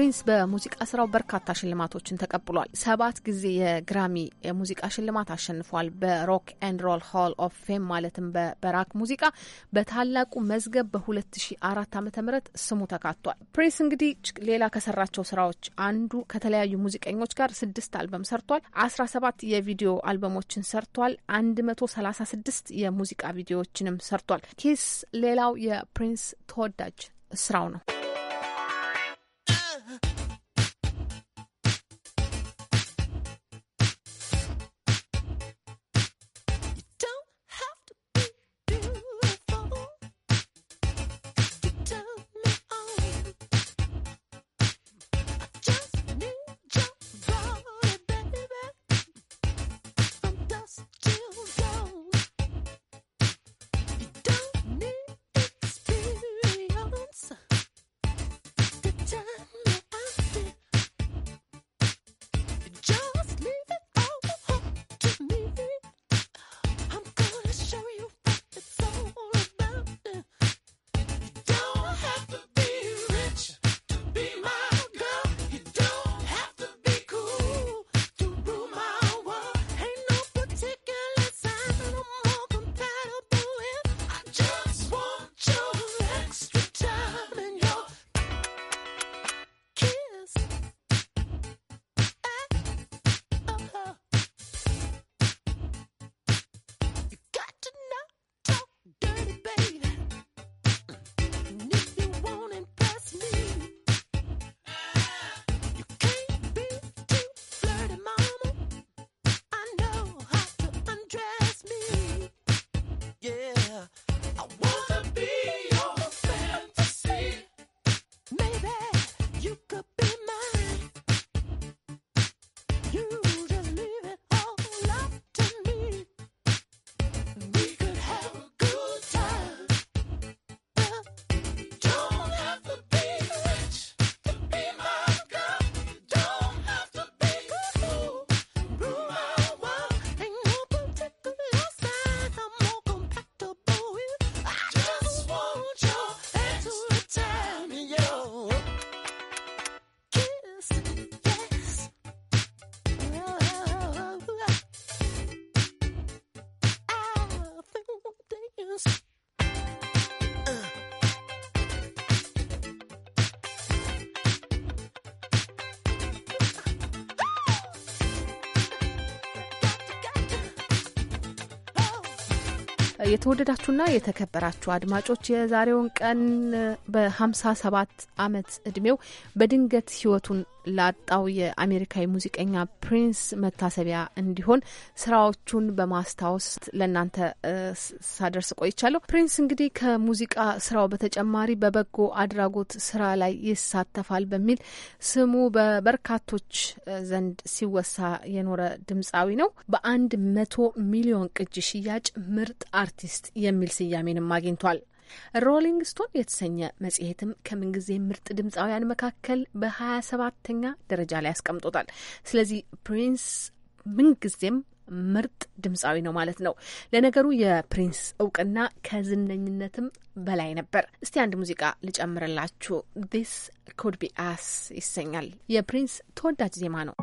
ፕሪንስ በሙዚቃ ስራው በርካታ ሽልማቶችን ተቀብሏል። ሰባት ጊዜ የግራሚ የሙዚቃ ሽልማት አሸንፏል። በሮክ ኤንድ ሮል ሆል ኦፍ ፌም ማለትም በራክ ሙዚቃ በታላቁ መዝገብ በ2004 ዓ.ም ስሙ ተካቷል። ፕሪንስ እንግዲህ ሌላ ከሰራቸው ስራዎች አንዱ ከተለያዩ ሙዚቀኞች ጋር ስድስት አልበም ሰርቷል። 17 የቪዲዮ አልበሞችን ሰርቷል። 136 የሙዚቃ ቪዲዮዎችንም ሰርቷል። ኪስ ሌላው የፕሪንስ ተወዳጅ ስራው ነው። የተወደዳችሁና የተከበራችሁ አድማጮች የዛሬውን ቀን በሀምሳ ሰባት አመት እድሜው በድንገት ህይወቱን ላጣው የአሜሪካዊ ሙዚቀኛ ፕሪንስ መታሰቢያ እንዲሆን ስራዎቹን በማስታወስ ለእናንተ ሳደርስ ቆይቻለሁ። ፕሪንስ እንግዲህ ከሙዚቃ ስራው በተጨማሪ በበጎ አድራጎት ስራ ላይ ይሳተፋል በሚል ስሙ በበርካቶች ዘንድ ሲወሳ የኖረ ድምፃዊ ነው። በአንድ መቶ ሚሊዮን ቅጂ ሽያጭ ምርጥ አርቲስት የሚል ስያሜንም አግኝቷል። ሮሊንግ ስቶን የተሰኘ መጽሔትም ከምንጊዜ ምርጥ ድምፃውያን መካከል በሀያ ሰባተኛ ደረጃ ላይ አስቀምጦታል። ስለዚህ ፕሪንስ ምንጊዜም ምርጥ ድምፃዊ ነው ማለት ነው። ለነገሩ የፕሪንስ እውቅና ከዝነኝነትም በላይ ነበር። እስቲ አንድ ሙዚቃ ልጨምርላችሁ። ዲስ ኩድ ቢ አስ ይሰኛል። የፕሪንስ ተወዳጅ ዜማ ነው።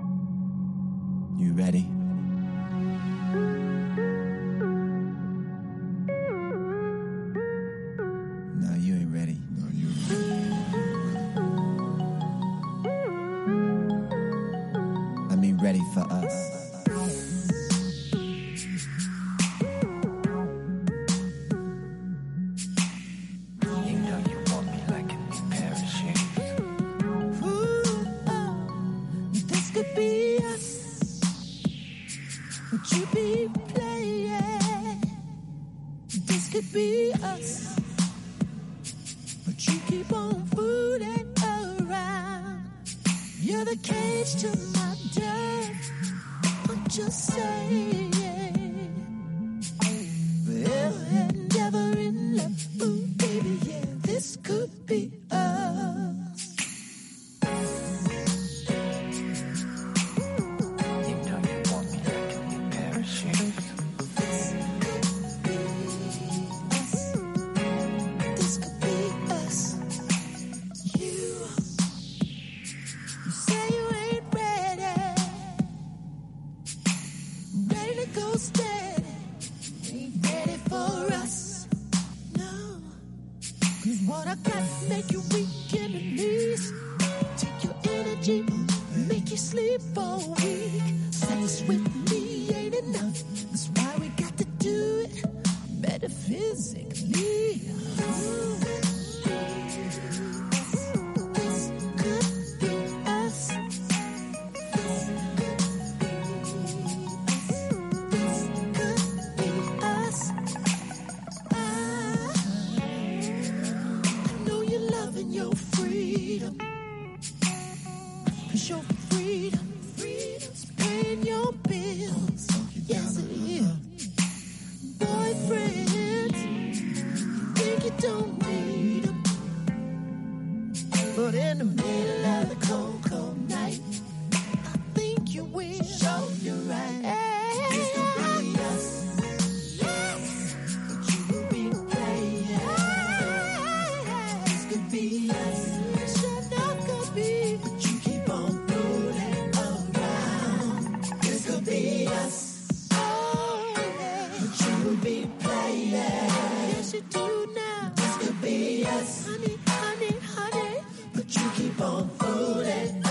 foolish.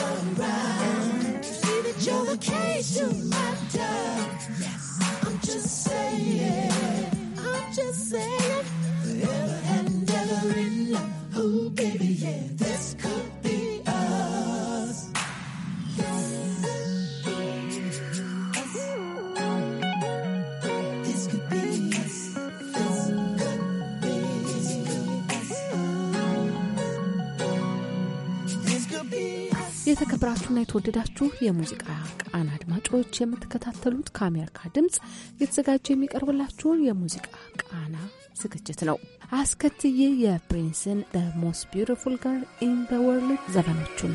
የተከበራችሁና የተወደዳችሁ የሙዚቃ ቃና አድማጮች የምትከታተሉት ከአሜሪካ ድምፅ የተዘጋጀ የሚቀርብላችሁን የሙዚቃ ቃና ዝግጅት ነው። አስከትዬ የፕሪንስን ደ ሞስት ቢውቲፉል ጋር ኢን ደ ወርልድ ዘፈኖቹን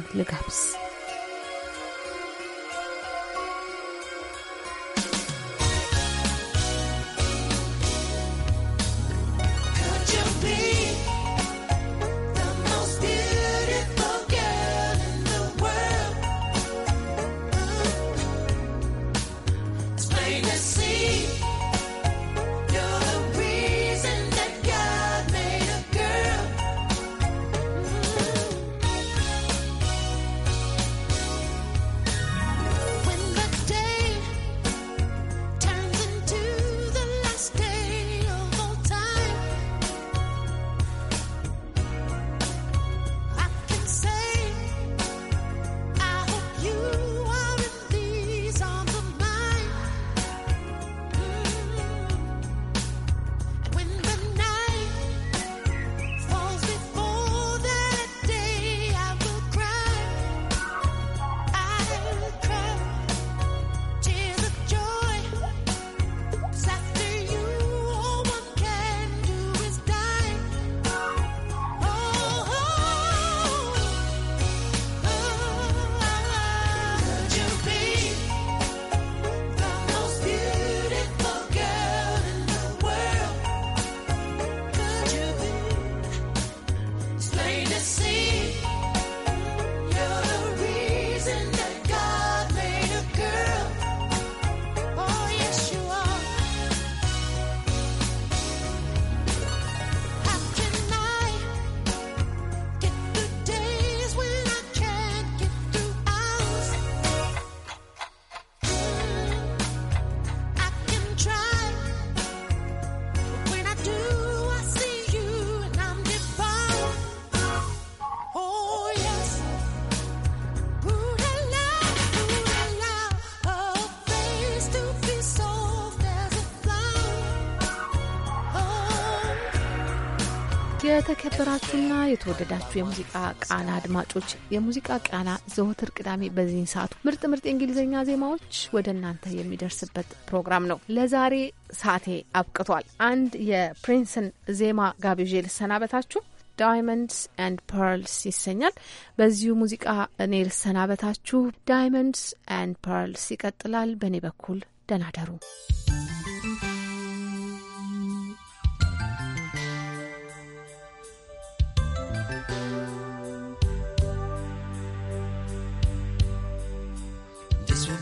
የተከበራችሁና የተወደዳችሁ የሙዚቃ ቃና አድማጮች የሙዚቃ ቃና ዘወትር ቅዳሜ በዚህን ሰዓቱ ምርጥ ምርጥ የእንግሊዝኛ ዜማዎች ወደ እናንተ የሚደርስበት ፕሮግራም ነው። ለዛሬ ሰዓቴ አብቅቷል። አንድ የፕሪንስን ዜማ ጋብዤ ልሰናበታችሁ። ዳይመንድስ ኤንድ ፐርልስ ይሰኛል። በዚሁ ሙዚቃ እኔ ልሰናበታችሁ። ዳይመንድስ ኤንድ ፐርልስ ይቀጥላል። በእኔ በኩል ደናደሩ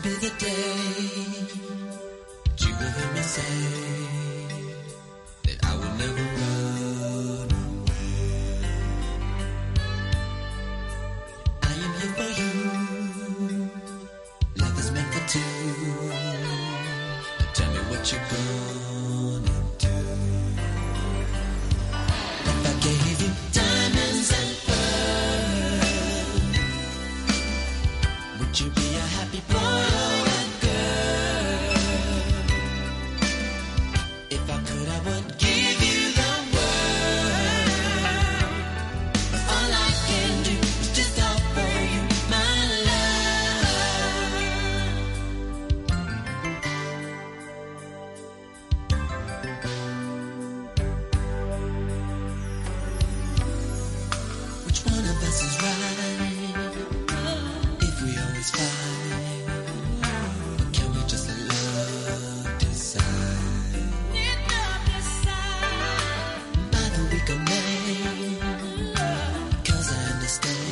be the day that you will hear me say that I will never run away. I am here for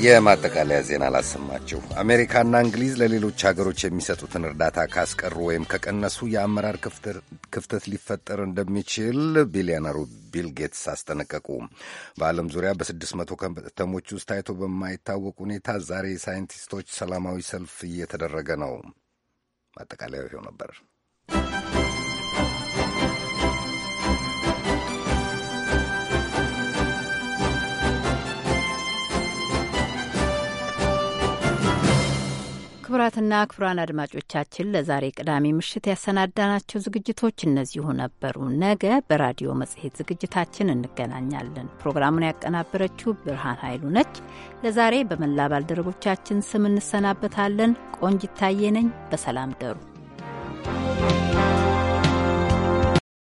የማጠቃለያ ዜና ላሰማችሁ። አሜሪካና እንግሊዝ ለሌሎች ሀገሮች የሚሰጡትን እርዳታ ካስቀሩ ወይም ከቀነሱ የአመራር ክፍተት ሊፈጠር እንደሚችል ቢሊዮነሩ ቢል ጌትስ አስጠነቀቁ። በዓለም ዙሪያ በስድስት መቶ ከተሞች ውስጥ ታይቶ በማይታወቅ ሁኔታ ዛሬ የሳይንቲስቶች ሰላማዊ ሰልፍ እየተደረገ ነው። ማጠቃለያው ይኸው ነበር። ክቡራትና ክቡራን አድማጮቻችን ለዛሬ ቅዳሜ ምሽት ያሰናዳናቸው ዝግጅቶች እነዚሁ ነበሩ። ነገ በራዲዮ መጽሔት ዝግጅታችን እንገናኛለን። ፕሮግራሙን ያቀናበረችው ብርሃን ኃይሉ ነች። ለዛሬ በመላ ባልደረቦቻችን ስም እንሰናበታለን። ቆንጅ ይታየነኝ በሰላም ደሩ።